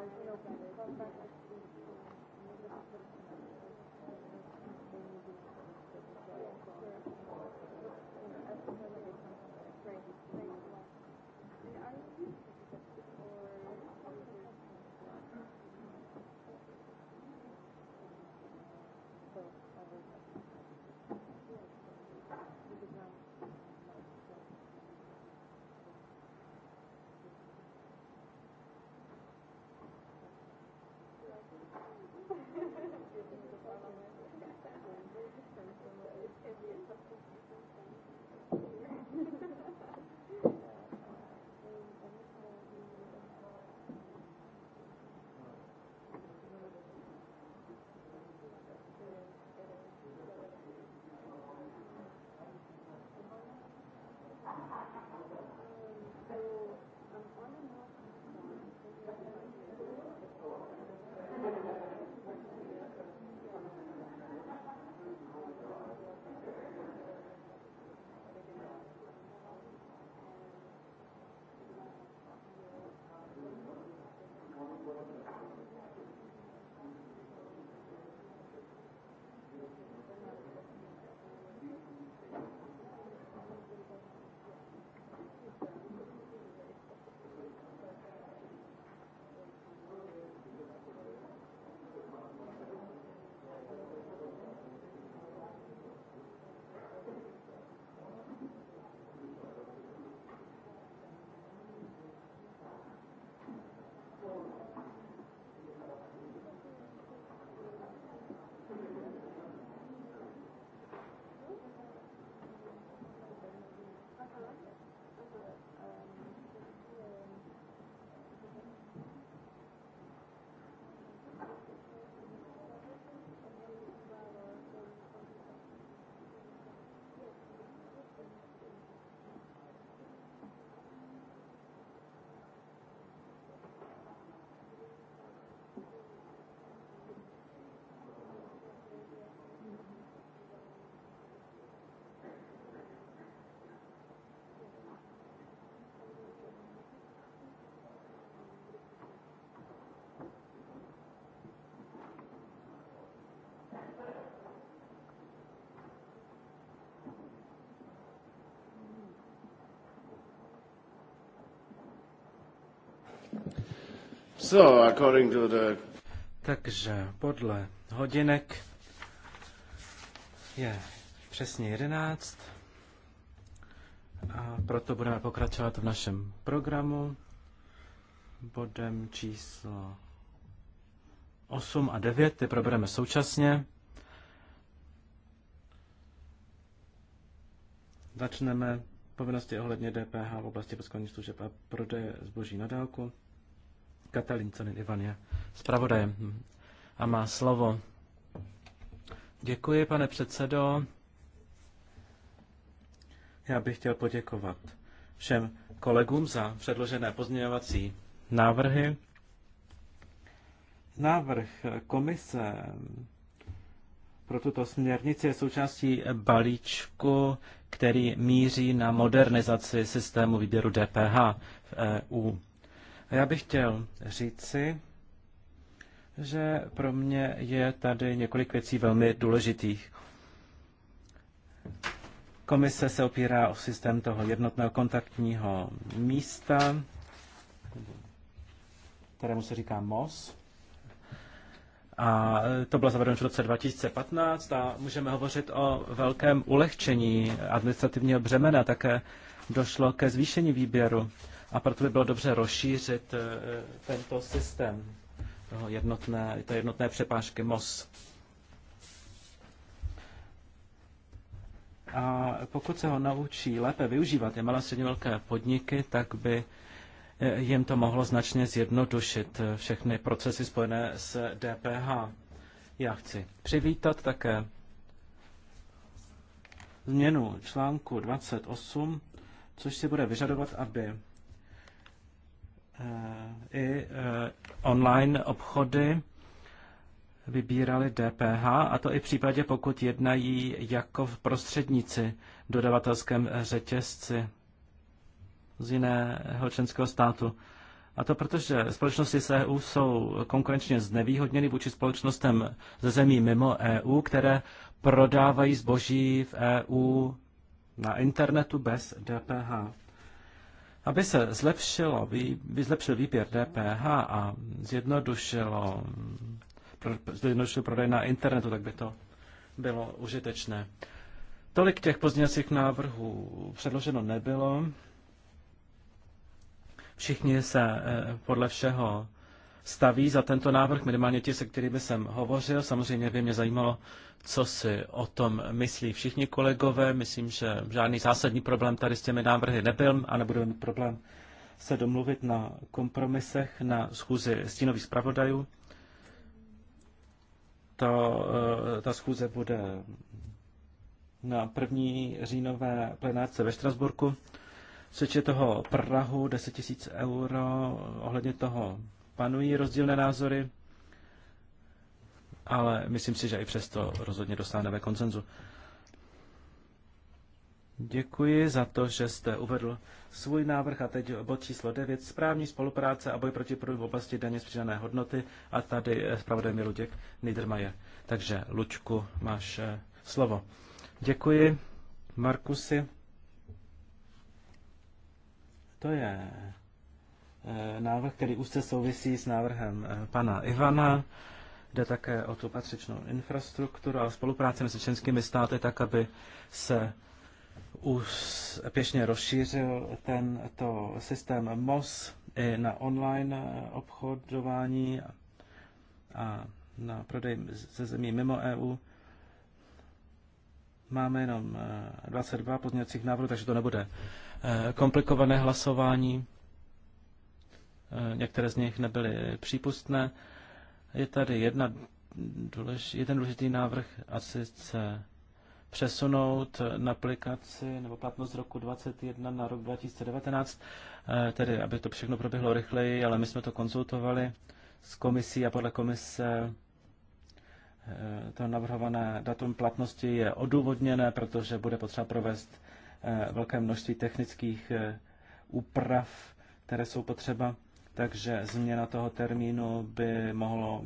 al mio parere. So, according to the... Takže podle hodinek je přesně 11. A proto budeme pokračovat v našem programu bodem číslo 8 a 9, ty probereme současně. Začneme povinnosti ohledně DPH v oblasti poskovních služeb a prodeje zboží na dálku. Katalin Conin Ivan je zpravodajem a má slovo. Děkuji, pane předsedo. Já bych chtěl poděkovat všem kolegům za předložené pozměňovací návrhy. Návrh komise pro tuto směrnici je součástí balíčku, který míří na modernizaci systému výběru DPH v EU. Já bych chtěl říci, že pro mě je tady několik věcí velmi důležitých. Komise se opírá o systém toho jednotného kontaktního místa, kterému se říká MOS. A to bylo zavedeno v roce 2015 a můžeme hovořit o velkém ulehčení administrativního břemena. Také došlo ke zvýšení výběru a proto by bylo dobře rozšířit eh, tento systém, toho jednotné, to jednotné přepážky MOS. A pokud se ho naučí lépe využívat je malé středně velké podniky, tak by eh, jim to mohlo značně zjednodušit eh, všechny procesy spojené s DPH. Já chci přivítat také změnu článku 28, což si bude vyžadovat, aby Eh, i eh, online obchody vybírali DPH, a to i v případě, pokud jednají jako v prostředníci v dodavatelském řetězci z jiného členského státu. A to protože společnosti z EU jsou konkurenčně znevýhodněny vůči společnostem ze zemí mimo EU, které prodávají zboží v EU na internetu bez DPH. Aby se zlepšilo, by zlepšil výběr DPH a zjednodušilo, zjednodušil prodej na internetu, tak by to bylo užitečné. Tolik těch pozdějacích návrhů předloženo nebylo. Všichni se eh, podle všeho staví za tento návrh, minimálně ti, se kterými jsem hovořil. Samozřejmě by mě zajímalo, co si o tom myslí všichni kolegové. Myslím, že žádný zásadní problém tady s těmi návrhy nebyl a nebudeme mít problém se domluvit na kompromisech na schůzi stínových zpravodajů. Ta, eh, ta schůze bude na první říjnové plenárce ve Štrasburku. Přeč toho Prahu 10 000 euro ohledně toho panují rozdílné názory, ale myslím si, že i přesto rozhodně dosáhneme koncenzu. Děkuji za to, že jste uvedl svůj návrh a teď bod číslo 9. Správní spolupráce a boj proti průjmu v oblasti daně z přidané hodnoty a tady eh, zpravodaj je Luděk Niedermayer. Takže Lučku, máš eh, slovo. Děkuji, Markusy. To je Eh, návrh, který se souvisí s návrhem eh, pana Ivana. Jde také o tu patřičnou infrastrukturu a spolupráci mezi členskými státy, tak aby se úspěšně rozšířil tento systém MOS i na online eh, obchodování a na prodej ze zemí mimo EU. Máme jenom 22 pozměňovacích návrhů, takže to nebude komplikované hlasování. Eh, některé z nich nebyly přípustné. Je tady jedna důlež, jeden důležitý návrh, a sice přesunout na aplikaci nebo platnost roku 2021 na rok 2019, eh, tedy aby to všechno proběhlo rychleji, ale my jsme to konzultovali s komisí a podle komise eh, to navrhované datum platnosti je odůvodněné, protože bude potřeba provést velké množství technických úprav, které jsou potřeba takže změna toho termínu by mohlo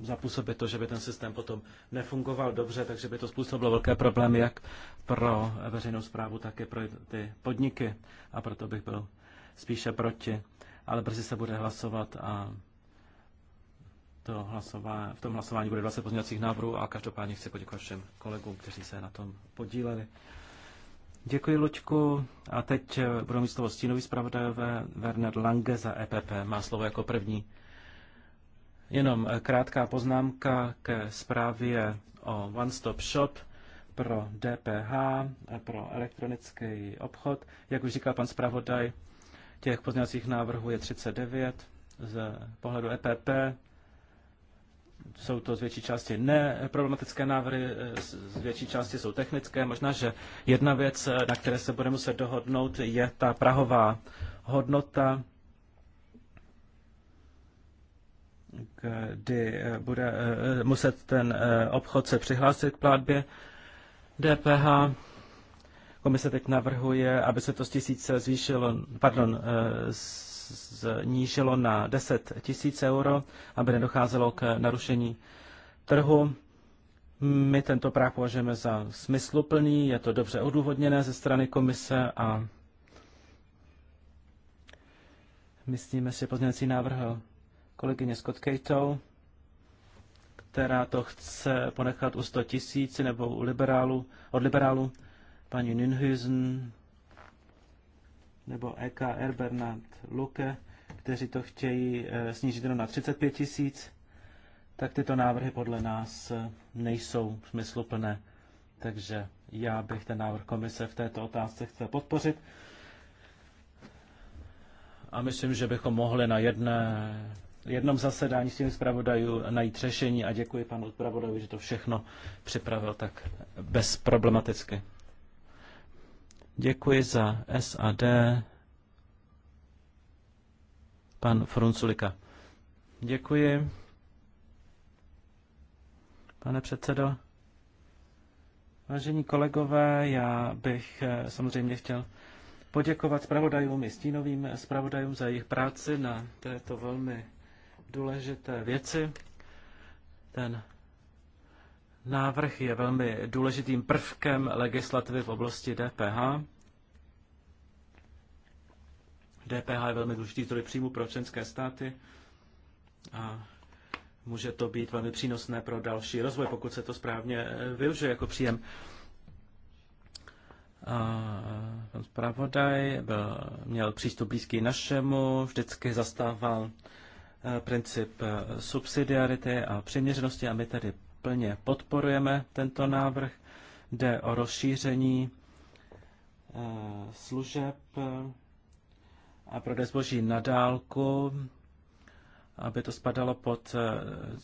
zapůsobit to, že by ten systém potom nefungoval dobře, takže by to způsobilo velké problémy jak pro veřejnou zprávu, tak i pro ty podniky a proto bych byl spíše proti. Ale brzy se bude hlasovat a to hlasová, v tom hlasování bude 20 pozměňovacích návrhů a každopádně chci poděkovat všem kolegům, kteří se na tom podíleli. Děkuji, Luďku. A teď eh, budou mít slovo stínový zpravodajové. Werner Lange za EPP má slovo jako první. Jenom eh, krátká poznámka ke zprávě o One Stop Shop pro DPH, eh, pro elektronický obchod. Jak už říkal pan zpravodaj, těch pozměňovacích návrhů je 39 z pohledu EPP jsou to z větší části neproblematické návrhy, eh, z větší části jsou technické. Možná, že jedna věc, eh, na které se budeme muset dohodnout, je ta prahová hodnota, kdy eh, bude muset ten obchod se přihlásit k plátbě DPH. Komise teď navrhuje, aby se to z tisíce zvýšilo, pardon, z znížilo na 10 tisíc euro, aby nedocházelo k narušení trhu. My tento práh považujeme za smysluplný, je to dobře odůvodněné ze strany komise a myslíme si pozměňovací návrh kolegyně Scott Cato, která to chce ponechat u 100 tisíc nebo u liberálu, od liberálu, paní Nünhusen, nebo EKR Bernard Luke, kteří to chtějí eh, snížit jenom na 35 tisíc, tak tyto návrhy podle nás eh, nejsou smysluplné. Takže já bych ten návrh komise v této otázce chtěl podpořit. A myslím, že bychom mohli na jedné, jednom zasedání s tím zpravodajů najít řešení a děkuji panu zpravodaji, že to všechno připravil tak bezproblematicky. Děkuji za SAD. Pan Frunculika. Děkuji. Pane předsedo. Vážení kolegové, já bych eh, samozřejmě chtěl poděkovat zpravodajům i stínovým zpravodajům za jejich práci na této velmi důležité věci. Ten Návrh je velmi důležitým prvkem legislativy v oblasti DPH. DPH je velmi důležitý zdroj příjmu pro členské státy a může to být velmi přínosné pro další rozvoj, pokud se to správně eh, využije jako příjem. Eh, pan zpravodaj byl, měl přístup blízký našemu, vždycky zastával eh, princip subsidiarity a přiměřenosti a my tedy plně podporujeme tento návrh. Jde o rozšíření eh, služeb eh, a prodej zboží na dálku, aby to spadalo pod eh,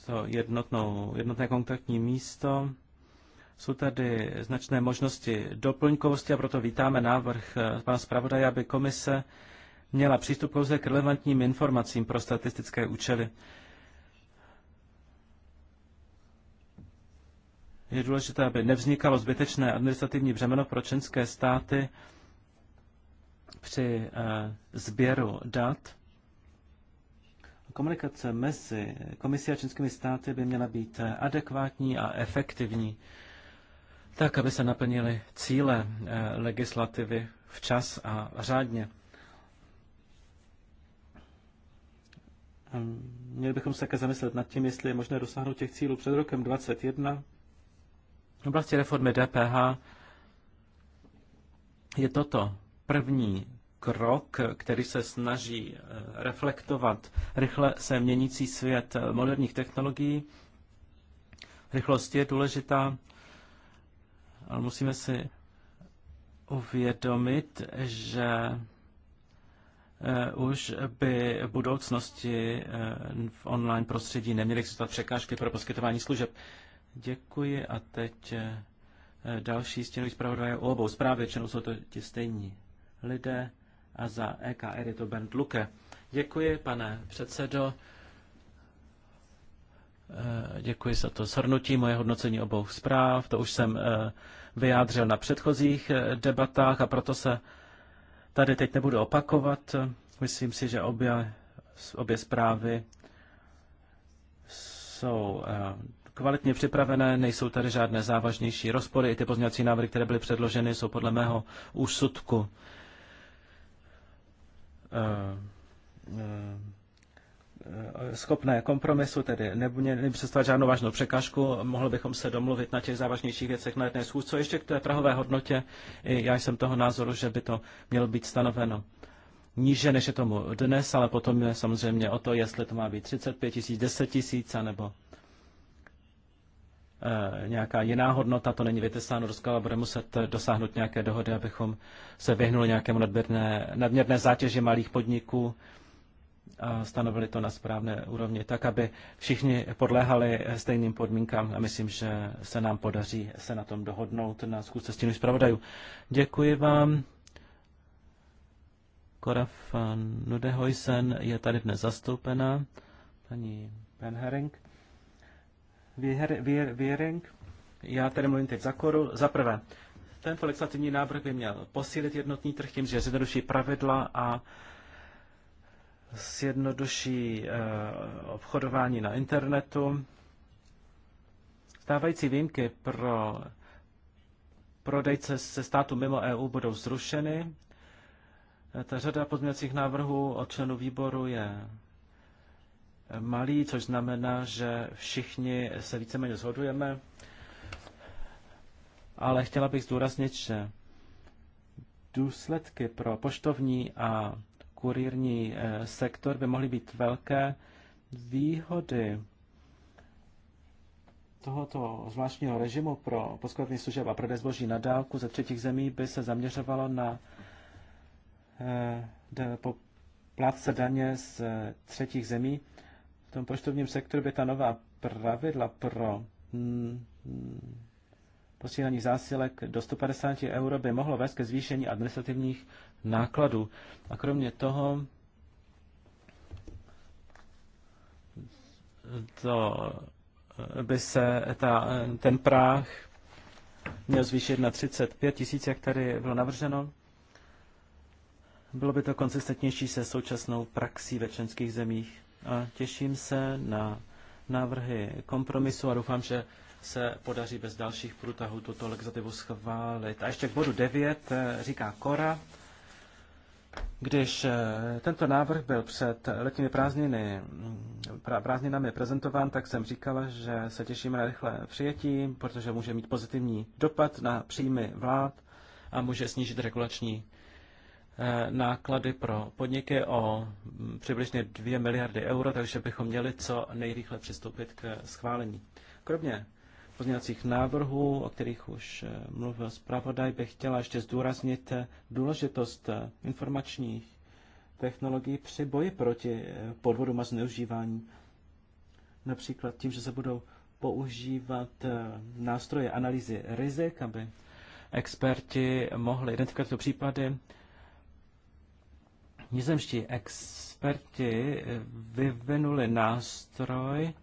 to jednotnou, jednotné kontaktní místo. Jsou tady značné možnosti doplňkovosti a proto vítáme návrh pana zpravodaje, aby komise měla přístup pouze k relevantním informacím pro statistické účely. Je důležité, aby nevznikalo zbytečné administrativní břemeno pro členské státy při eh, sběru dat. Komunikace mezi komisí a členskými státy by měla být eh, adekvátní a efektivní, tak, aby se naplnily cíle eh, legislativy včas a řádně. Ehm, měli bychom se také zamyslet nad tím, jestli je možné dosáhnout těch cílů před rokem 2021 v oblasti reformy DPH je toto první krok, který se snaží eh, reflektovat rychle se měnící svět eh, moderních technologií. Rychlost je důležitá, ale musíme si uvědomit, že eh, už by v budoucnosti v online prostředí neměly existovat překážky pro poskytování služeb. Děkuji a teď eh, další stěnový zpravodaj o obou zprávě, většinou jsou to ti stejní lidé a za EKR je to Bernd Luke. Děkuji, pane předsedo. Eh, děkuji za to shrnutí, moje hodnocení obou zpráv. To už jsem eh, vyjádřil na předchozích debatách a proto se tady teď nebudu opakovat. Myslím si, že obě, obě zprávy jsou kvalitně připravené, nejsou tady žádné závažnější rozpory. I ty pozměňovací návrhy, které byly předloženy, jsou podle mého úsudku eh, eh, schopné kompromisu, tedy představit žádnou vážnou překážku. Mohli bychom se domluvit na těch závažnějších věcech na jedné schůzce. Ještě k té prahové hodnotě, já jsem toho názoru, že by to mělo být stanoveno níže, než je tomu dnes, ale potom je samozřejmě o to, jestli to má být 35 tisíc, 10 tisíc, nebo Eh, nějaká jiná hodnota, to není vytesáno do skala, bude muset dosáhnout nějaké dohody, abychom se vyhnuli nějakému nadměrné, nadměrné zátěži malých podniků a stanovili to na správné úrovni, tak aby všichni podléhali stejným podmínkám a myslím, že se nám podaří se na tom dohodnout na zkusce stínu zpravodajů. Děkuji vám. Kora van Nudehojsen je tady dnes zastoupena, paní Penhering. Věring. Já tady mluvím teď za koru. Za prvé, tento legislativní návrh by měl posílit jednotný trh tím, že zjednoduší pravidla a zjednoduší eh, obchodování na internetu. Stávající výjimky pro prodejce se státu mimo EU budou zrušeny. Eh, ta řada pozměňovacích návrhů od členů výboru je malý, což znamená, že všichni se víceméně shodujeme, ale chtěla bych zdůraznit, že důsledky pro poštovní a kurírní eh, sektor by mohly být velké výhody tohoto zvláštního režimu pro poskytování služeb a prodej zboží na dálku ze třetích zemí by se zaměřovalo na eh, plátce daně z eh, třetích zemí, tom poštovním sektoru by ta nová pravidla pro mm, mm, posílání zásilek do 150 euro by mohlo vést ke zvýšení administrativních nákladů. A kromě toho to eh, by se ta, eh, ten práh měl zvýšit na 35 tisíc, jak tady bylo navrženo. Bylo by to konsistentnější se současnou praxí ve členských zemích a těším se na návrhy kompromisu a doufám, že se podaří bez dalších průtahů tuto legislativu schválit. A ještě k bodu 9 eh, říká Kora. Když eh, tento návrh byl před letními prázdniny, mm, prázdninami prezentován, tak jsem říkala, že se těšíme na rychlé přijetí, protože může mít pozitivní dopad na příjmy vlád a může snížit regulační Eh, náklady pro podniky o mm, přibližně 2 miliardy euro, takže bychom měli co nejrychle přistoupit k schválení. Kromě pozměňovacích návrhů, o kterých už eh, mluvil zpravodaj, bych chtěla ještě zdůraznit eh, důležitost informačních technologií při boji proti podvodům a zneužívání. Například tím, že se budou používat nástroje analýzy rizik, aby experti mohli identifikovat případy, Nizemští experti eh, vyvinuli nástroj,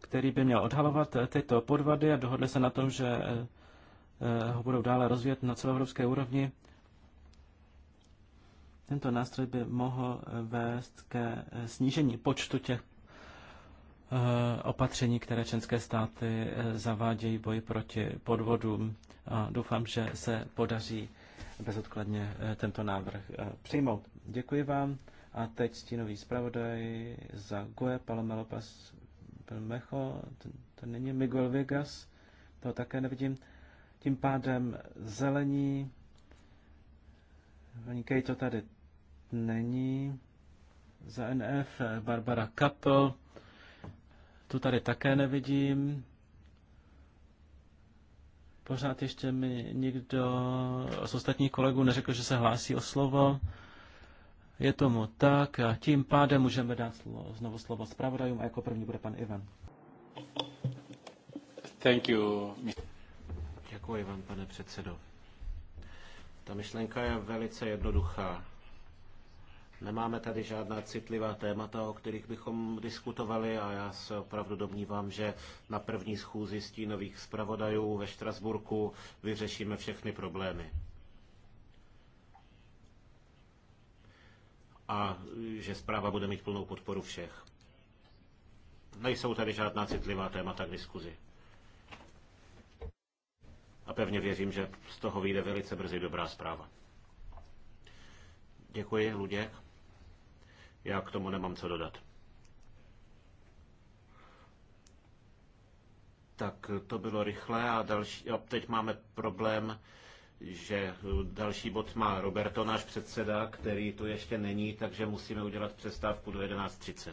který by měl odhalovat eh, tyto podvady a dohodli se na tom, že eh, ho budou dále rozvíjet na celoevropské úrovni. Tento nástroj by mohl vést ke snížení počtu těch opatření, které členské státy zavádějí boji proti podvodům. A doufám, že se podaří bezodkladně eh, tento návrh eh, přijmout. Děkuji vám a teď stínový zpravodaj za GUE Palomelo ten, to není Miguel Vegas, to také nevidím. Tím pádem zelení, paní to tady není, za NF Barbara Kappel, tu tady také nevidím. Pořád ještě mi někdo z ostatních kolegů neřekl, že se hlásí o slovo. Je tomu tak a tím pádem můžeme dát slovo, znovu slovo zpravodajům a jako první bude pan Ivan. Thank you. Děkuji vám, pane předsedo. Ta myšlenka je velice jednoduchá. Nemáme tady žádná citlivá témata, o kterých bychom diskutovali a já se opravdu domnívám, že na první schůzi stínových zpravodajů ve Štrasburku vyřešíme všechny problémy. A že zpráva bude mít plnou podporu všech. Nejsou tady žádná citlivá témata k diskuzi. A pevně věřím, že z toho vyjde velice brzy dobrá zpráva. Děkuji, Luděk. Já k tomu nemám co dodat. Tak to bylo rychle a, další, a teď máme problém, že další bod má Roberto, náš předseda, který tu ještě není, takže musíme udělat přestávku do 11.30.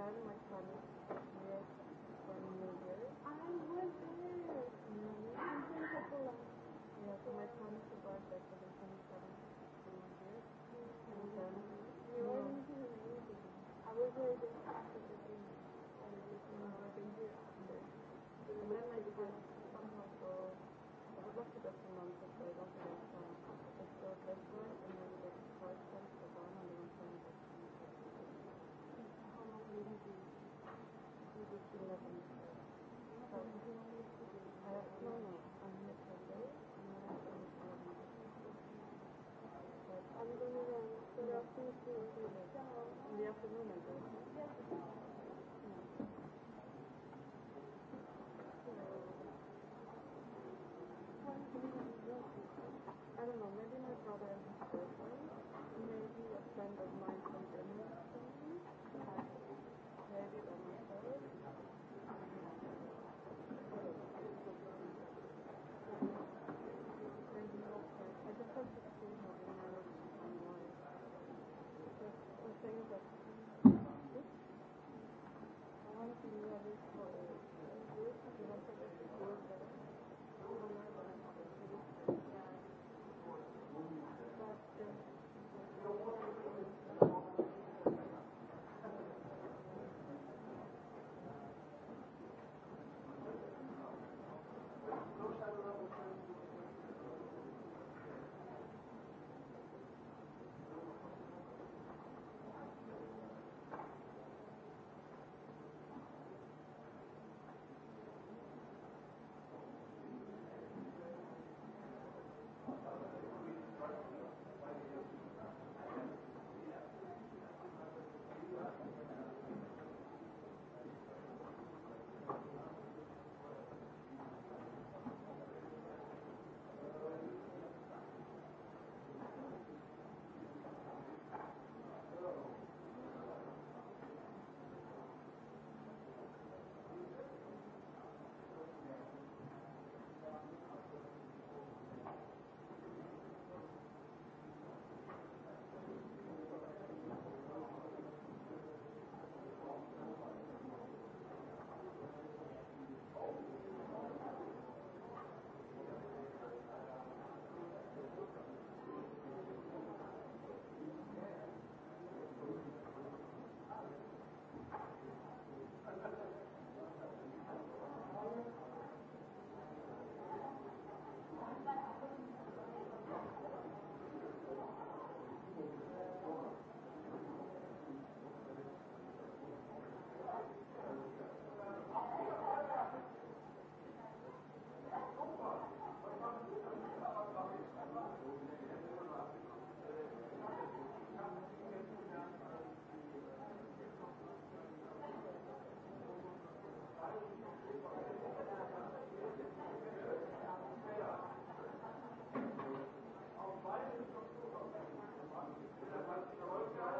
Thank you.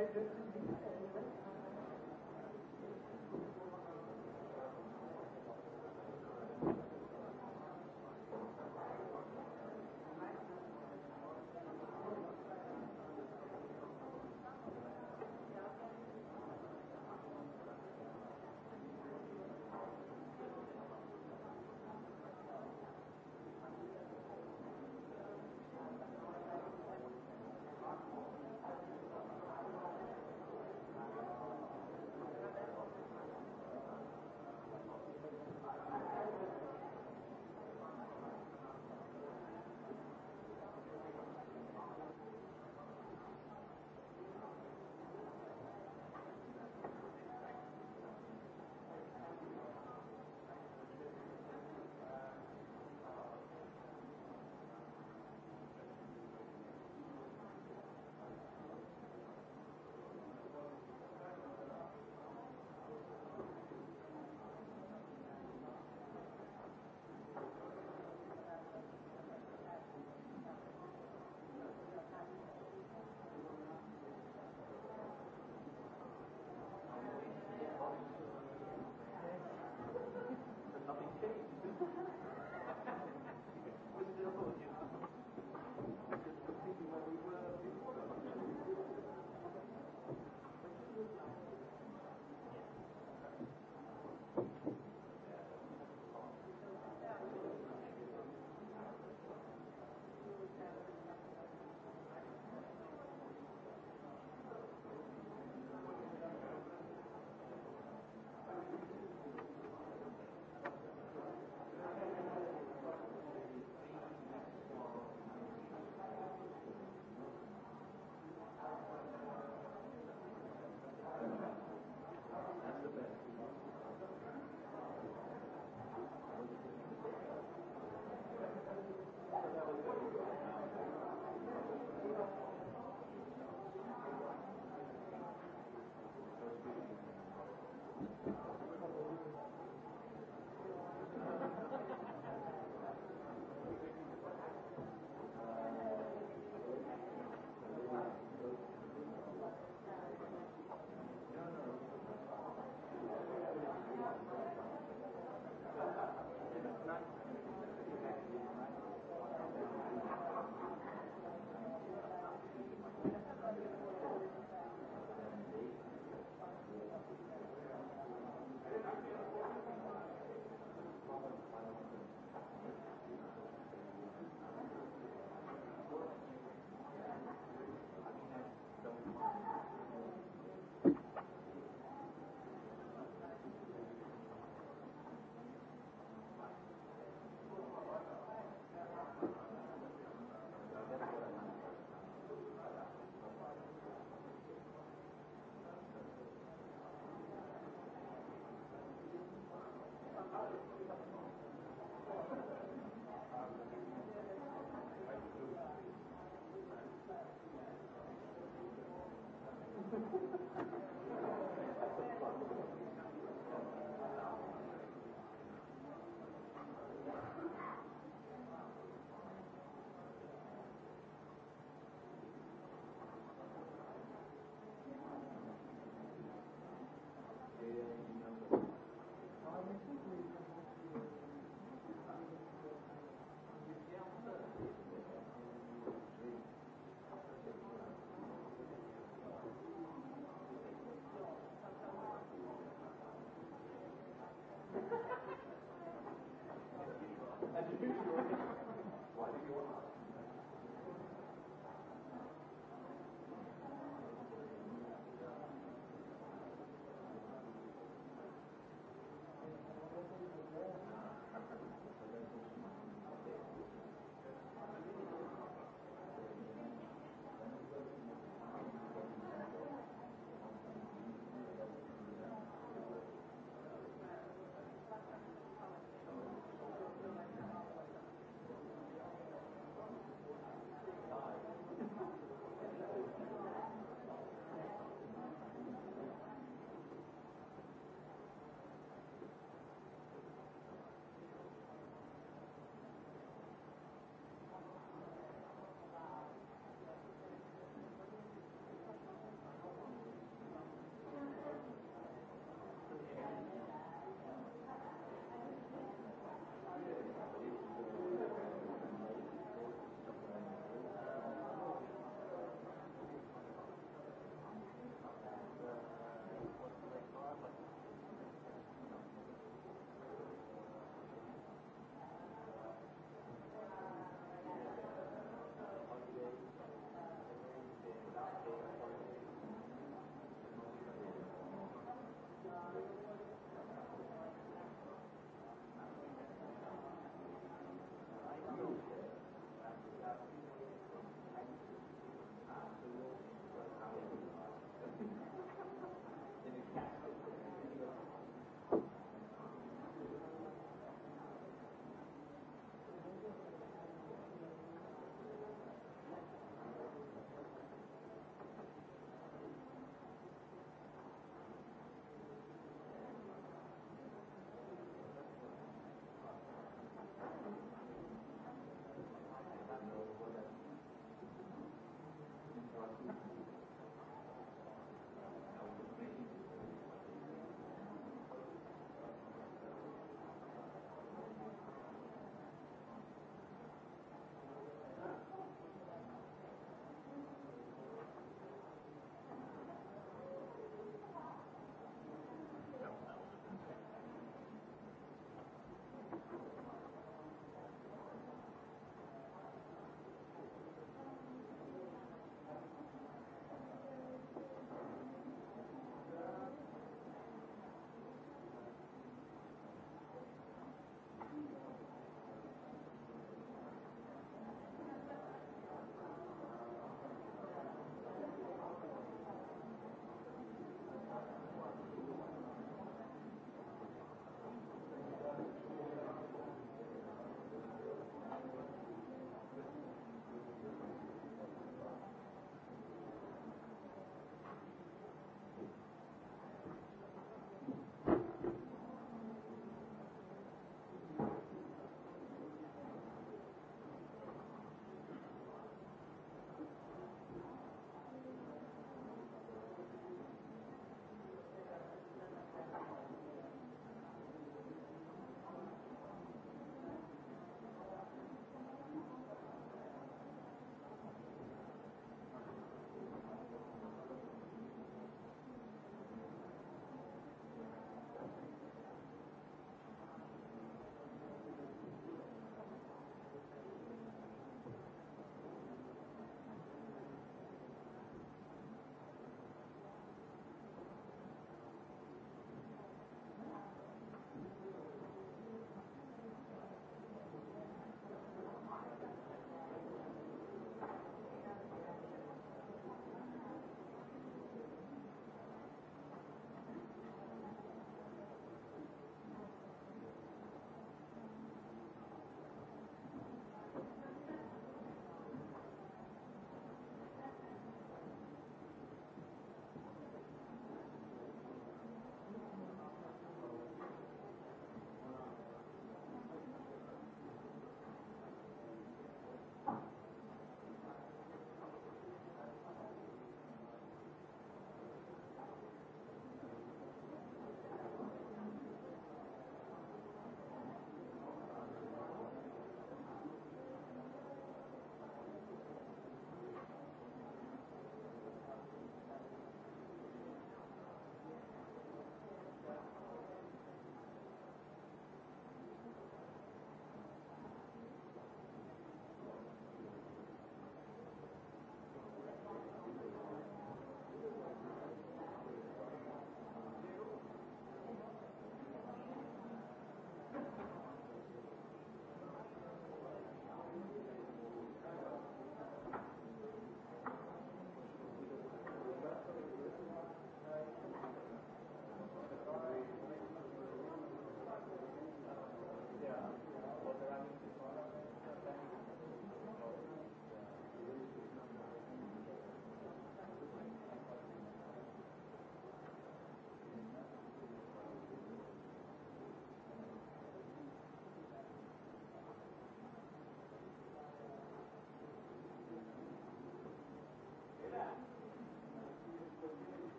Thank you.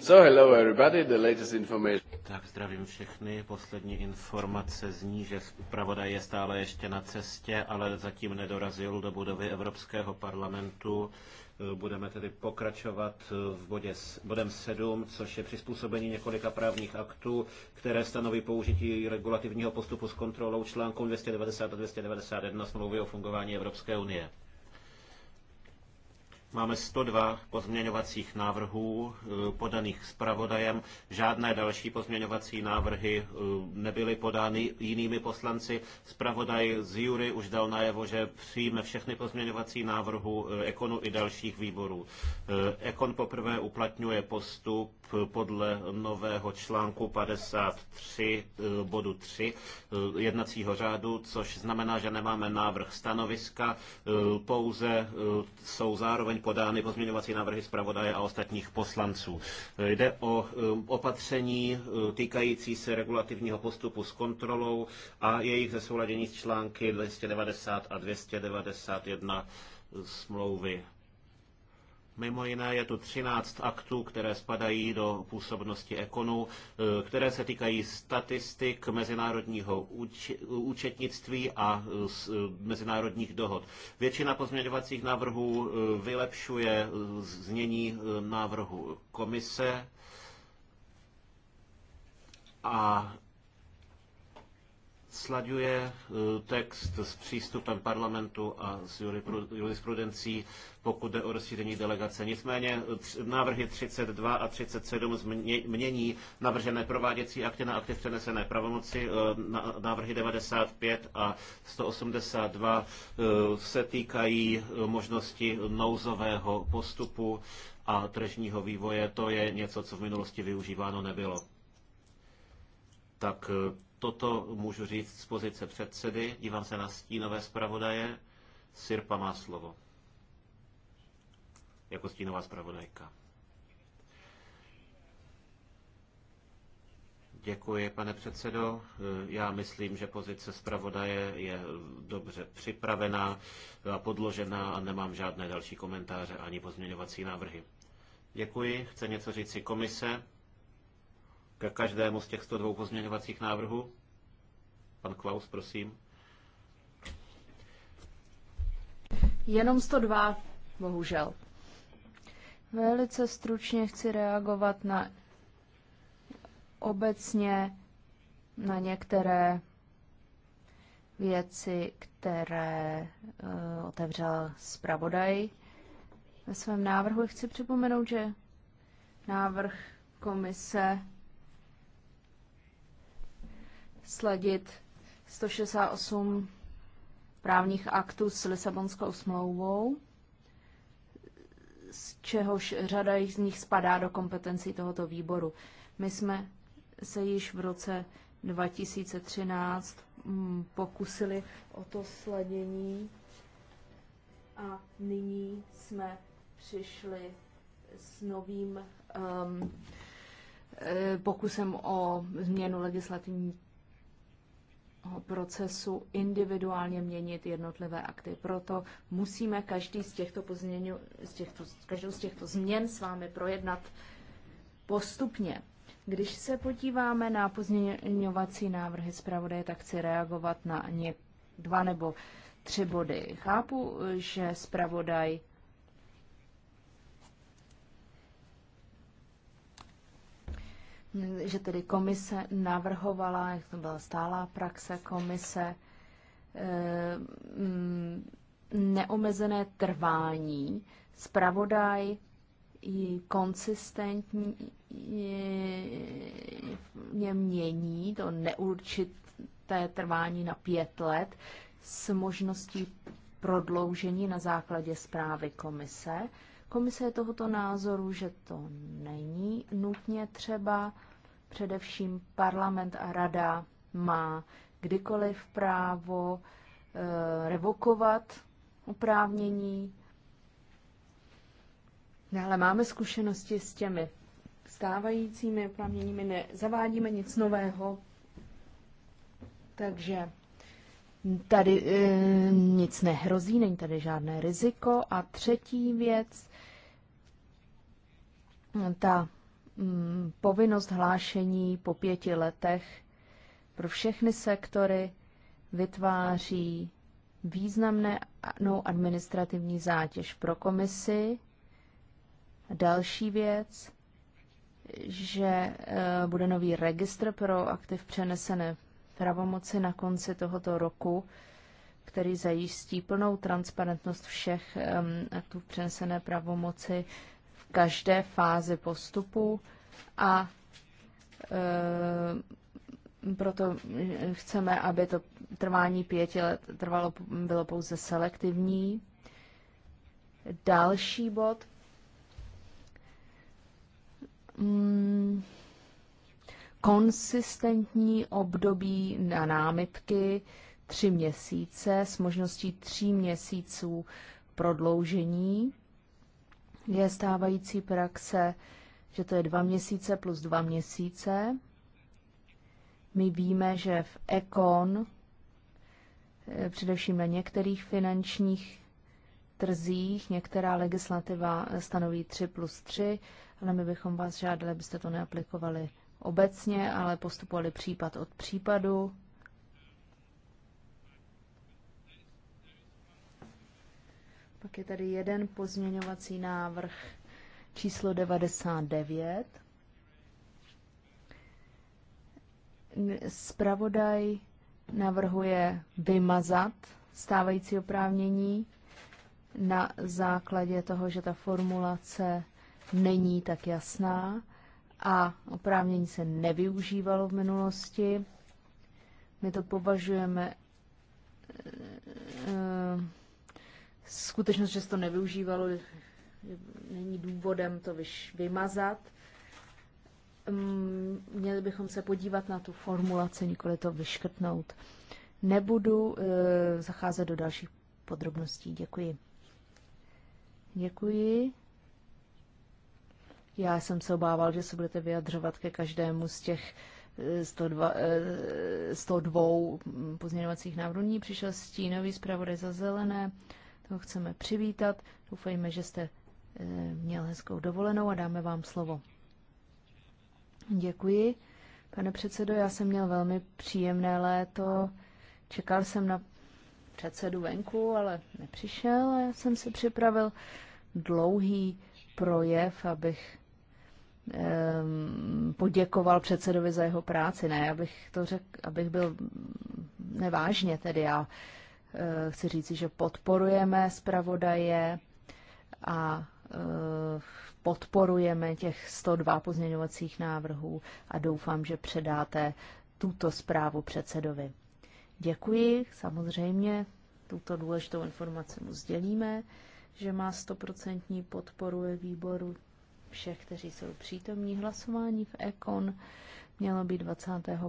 So hello everybody, the latest information. Tak zdravím všechny. Poslední informace zní, že zpravodaj je stále ještě na cestě, ale zatím nedorazil do budovy Evropského parlamentu. Eh, budeme tedy pokračovat eh, v bodě, bodem 7, což je přizpůsobení několika právních aktů, které stanoví použití regulativního postupu s kontrolou článku 290 a 291 smlouvy o fungování Evropské unie. Máme 102 pozměňovacích návrhů eh, podaných zpravodajem. Žádné další pozměňovací návrhy eh, nebyly podány jinými poslanci. Zpravodaj z Jury už dal najevo, že přijme všechny pozměňovací návrhy eh, Ekonu i dalších výborů. Ekon poprvé uplatňuje postup podle nového článku 53 bodu 3 jednacího řádu, což znamená, že nemáme návrh stanoviska, pouze jsou zároveň podány pozměňovací návrhy zpravodaje a ostatních poslanců. Jde o um, opatření uh, týkající se regulativního postupu s kontrolou a jejich zesouladění s články 290 a 291 smlouvy Mimo jiné je tu 13 aktů, které spadají do působnosti ekonu, eh, které se týkají statistik mezinárodního účetnictví a eh, eh, mezinárodních dohod. Většina pozměňovacích návrhů vylepšuje znění návrhu komise a slaďuje eh, text s přístupem parlamentu a s jurisprudencí, pokud jde o rozšíření delegace. Nicméně eh, návrhy 32 a 37 mění navržené prováděcí akty na akty přenesené pravomoci. Eh, návrhy 95 a 182 se týkají možnosti nouzového postupu a tržního vývoje. To je něco, co v minulosti využíváno nebylo tak e, toto můžu říct z pozice předsedy. Dívám se na stínové zpravodaje. Sirpa má slovo. Jako stínová zpravodajka. Děkuji, pane předsedo. E, já myslím, že pozice zpravodaje je dobře připravená a podložená a nemám žádné další komentáře ani pozměňovací návrhy. Děkuji. Chce něco říct si komise? ke každému z těch 102 pozměňovacích návrhů? Pan Klaus, prosím. Jenom 102, bohužel. Velice stručně chci reagovat na obecně na některé věci, které uh, otevřel zpravodaj. Ve svém návrhu chci připomenout, že návrh komise sladit 168 právních aktů s Lisabonskou smlouvou, z čehož řada z nich spadá do kompetencí tohoto výboru. My jsme se již v roce 2013 mm, pokusili o to sladění a nyní jsme přišli s novým um, pokusem o změnu legislativní procesu individuálně měnit jednotlivé akty. Proto musíme každý z těchto, pozměňu, z těchto, každou z těchto změn s vámi projednat postupně. Když se podíváme na pozměňovací návrhy zpravodaje, tak chci reagovat na ně dva nebo tři body. Chápu, že zpravodaj že tedy komise navrhovala, jak to byla stálá praxe komise, eh, mm, neomezené trvání. Spravodaj i konsistentně eh, mění to neurčité trvání na pět let s možností prodloužení na základě zprávy komise Komise je tohoto názoru, že to není nutně třeba. Především parlament a rada má kdykoliv právo e, revokovat oprávnění. No, ale máme zkušenosti s těmi stávajícími oprávněními, nezavádíme nic nového, takže tady e, nic nehrozí, není tady žádné riziko. A třetí věc, ta mm, povinnost hlášení po pěti letech pro všechny sektory vytváří významnou administrativní zátěž pro komisi. Další věc, že e, bude nový registr pro aktiv přenesené pravomoci na konci tohoto roku, který zajistí plnou transparentnost všech aktů přenesené pravomoci každé fázi postupu a e, proto chceme, aby to trvání pěti let trvalo, bylo pouze selektivní. Další bod. Mm, konsistentní období na námitky tři měsíce s možností tří měsíců prodloužení je stávající praxe, že to je dva měsíce plus dva měsíce. My víme, že v Econ, eh, především na některých finančních trzích, některá legislativa eh, stanoví 3 plus 3, ale my bychom vás žádali, abyste to neaplikovali obecně, ale postupovali případ od případu Pak je tady jeden pozměňovací návrh číslo 99. Spravodaj navrhuje vymazat stávající oprávnění na základě toho, že ta formulace není tak jasná a oprávnění se nevyužívalo v minulosti. My to považujeme eh, Skutečnost, že se to nevyužívalo, není důvodem to vyš vymazat. Mm, měli bychom se podívat na tu formulaci, nikoli to vyškrtnout. Nebudu e, zacházet do dalších podrobností. Děkuji. Děkuji. Já jsem se obával, že se budete vyjadřovat ke každému z těch 102, e, 102 e, mm, pozměňovacích návrhů. Přišel stínový zpravodaj za zelené toho chceme přivítat. Doufejme, že jste eh, měl hezkou dovolenou a dáme vám slovo. Děkuji. Pane předsedo, já jsem měl velmi příjemné léto. Čekal jsem na předsedu venku, ale nepřišel já jsem si připravil dlouhý projev, abych ehm, poděkoval předsedovi za jeho práci. Ne, abych to řekl, abych byl mm, nevážně tedy. Já Eh, chci říci, že podporujeme zpravodaje a eh, podporujeme těch 102 pozměňovacích návrhů a doufám, že předáte tuto zprávu předsedovi. Děkuji, samozřejmě tuto důležitou informaci mu sdělíme, že má 100 podporu ve výboru všech, kteří jsou přítomní. Hlasování v Ekon mělo být 25.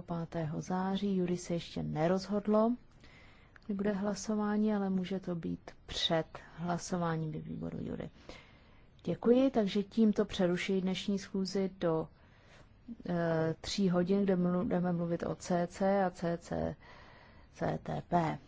září, jury se ještě nerozhodlo nebude hlasování, ale může to být před hlasováním ve výboru Jury. Děkuji, takže tímto přeruší dnešní schůzi do e, tří hodin, kde mlu, budeme mluvit o CC a CC, CTP.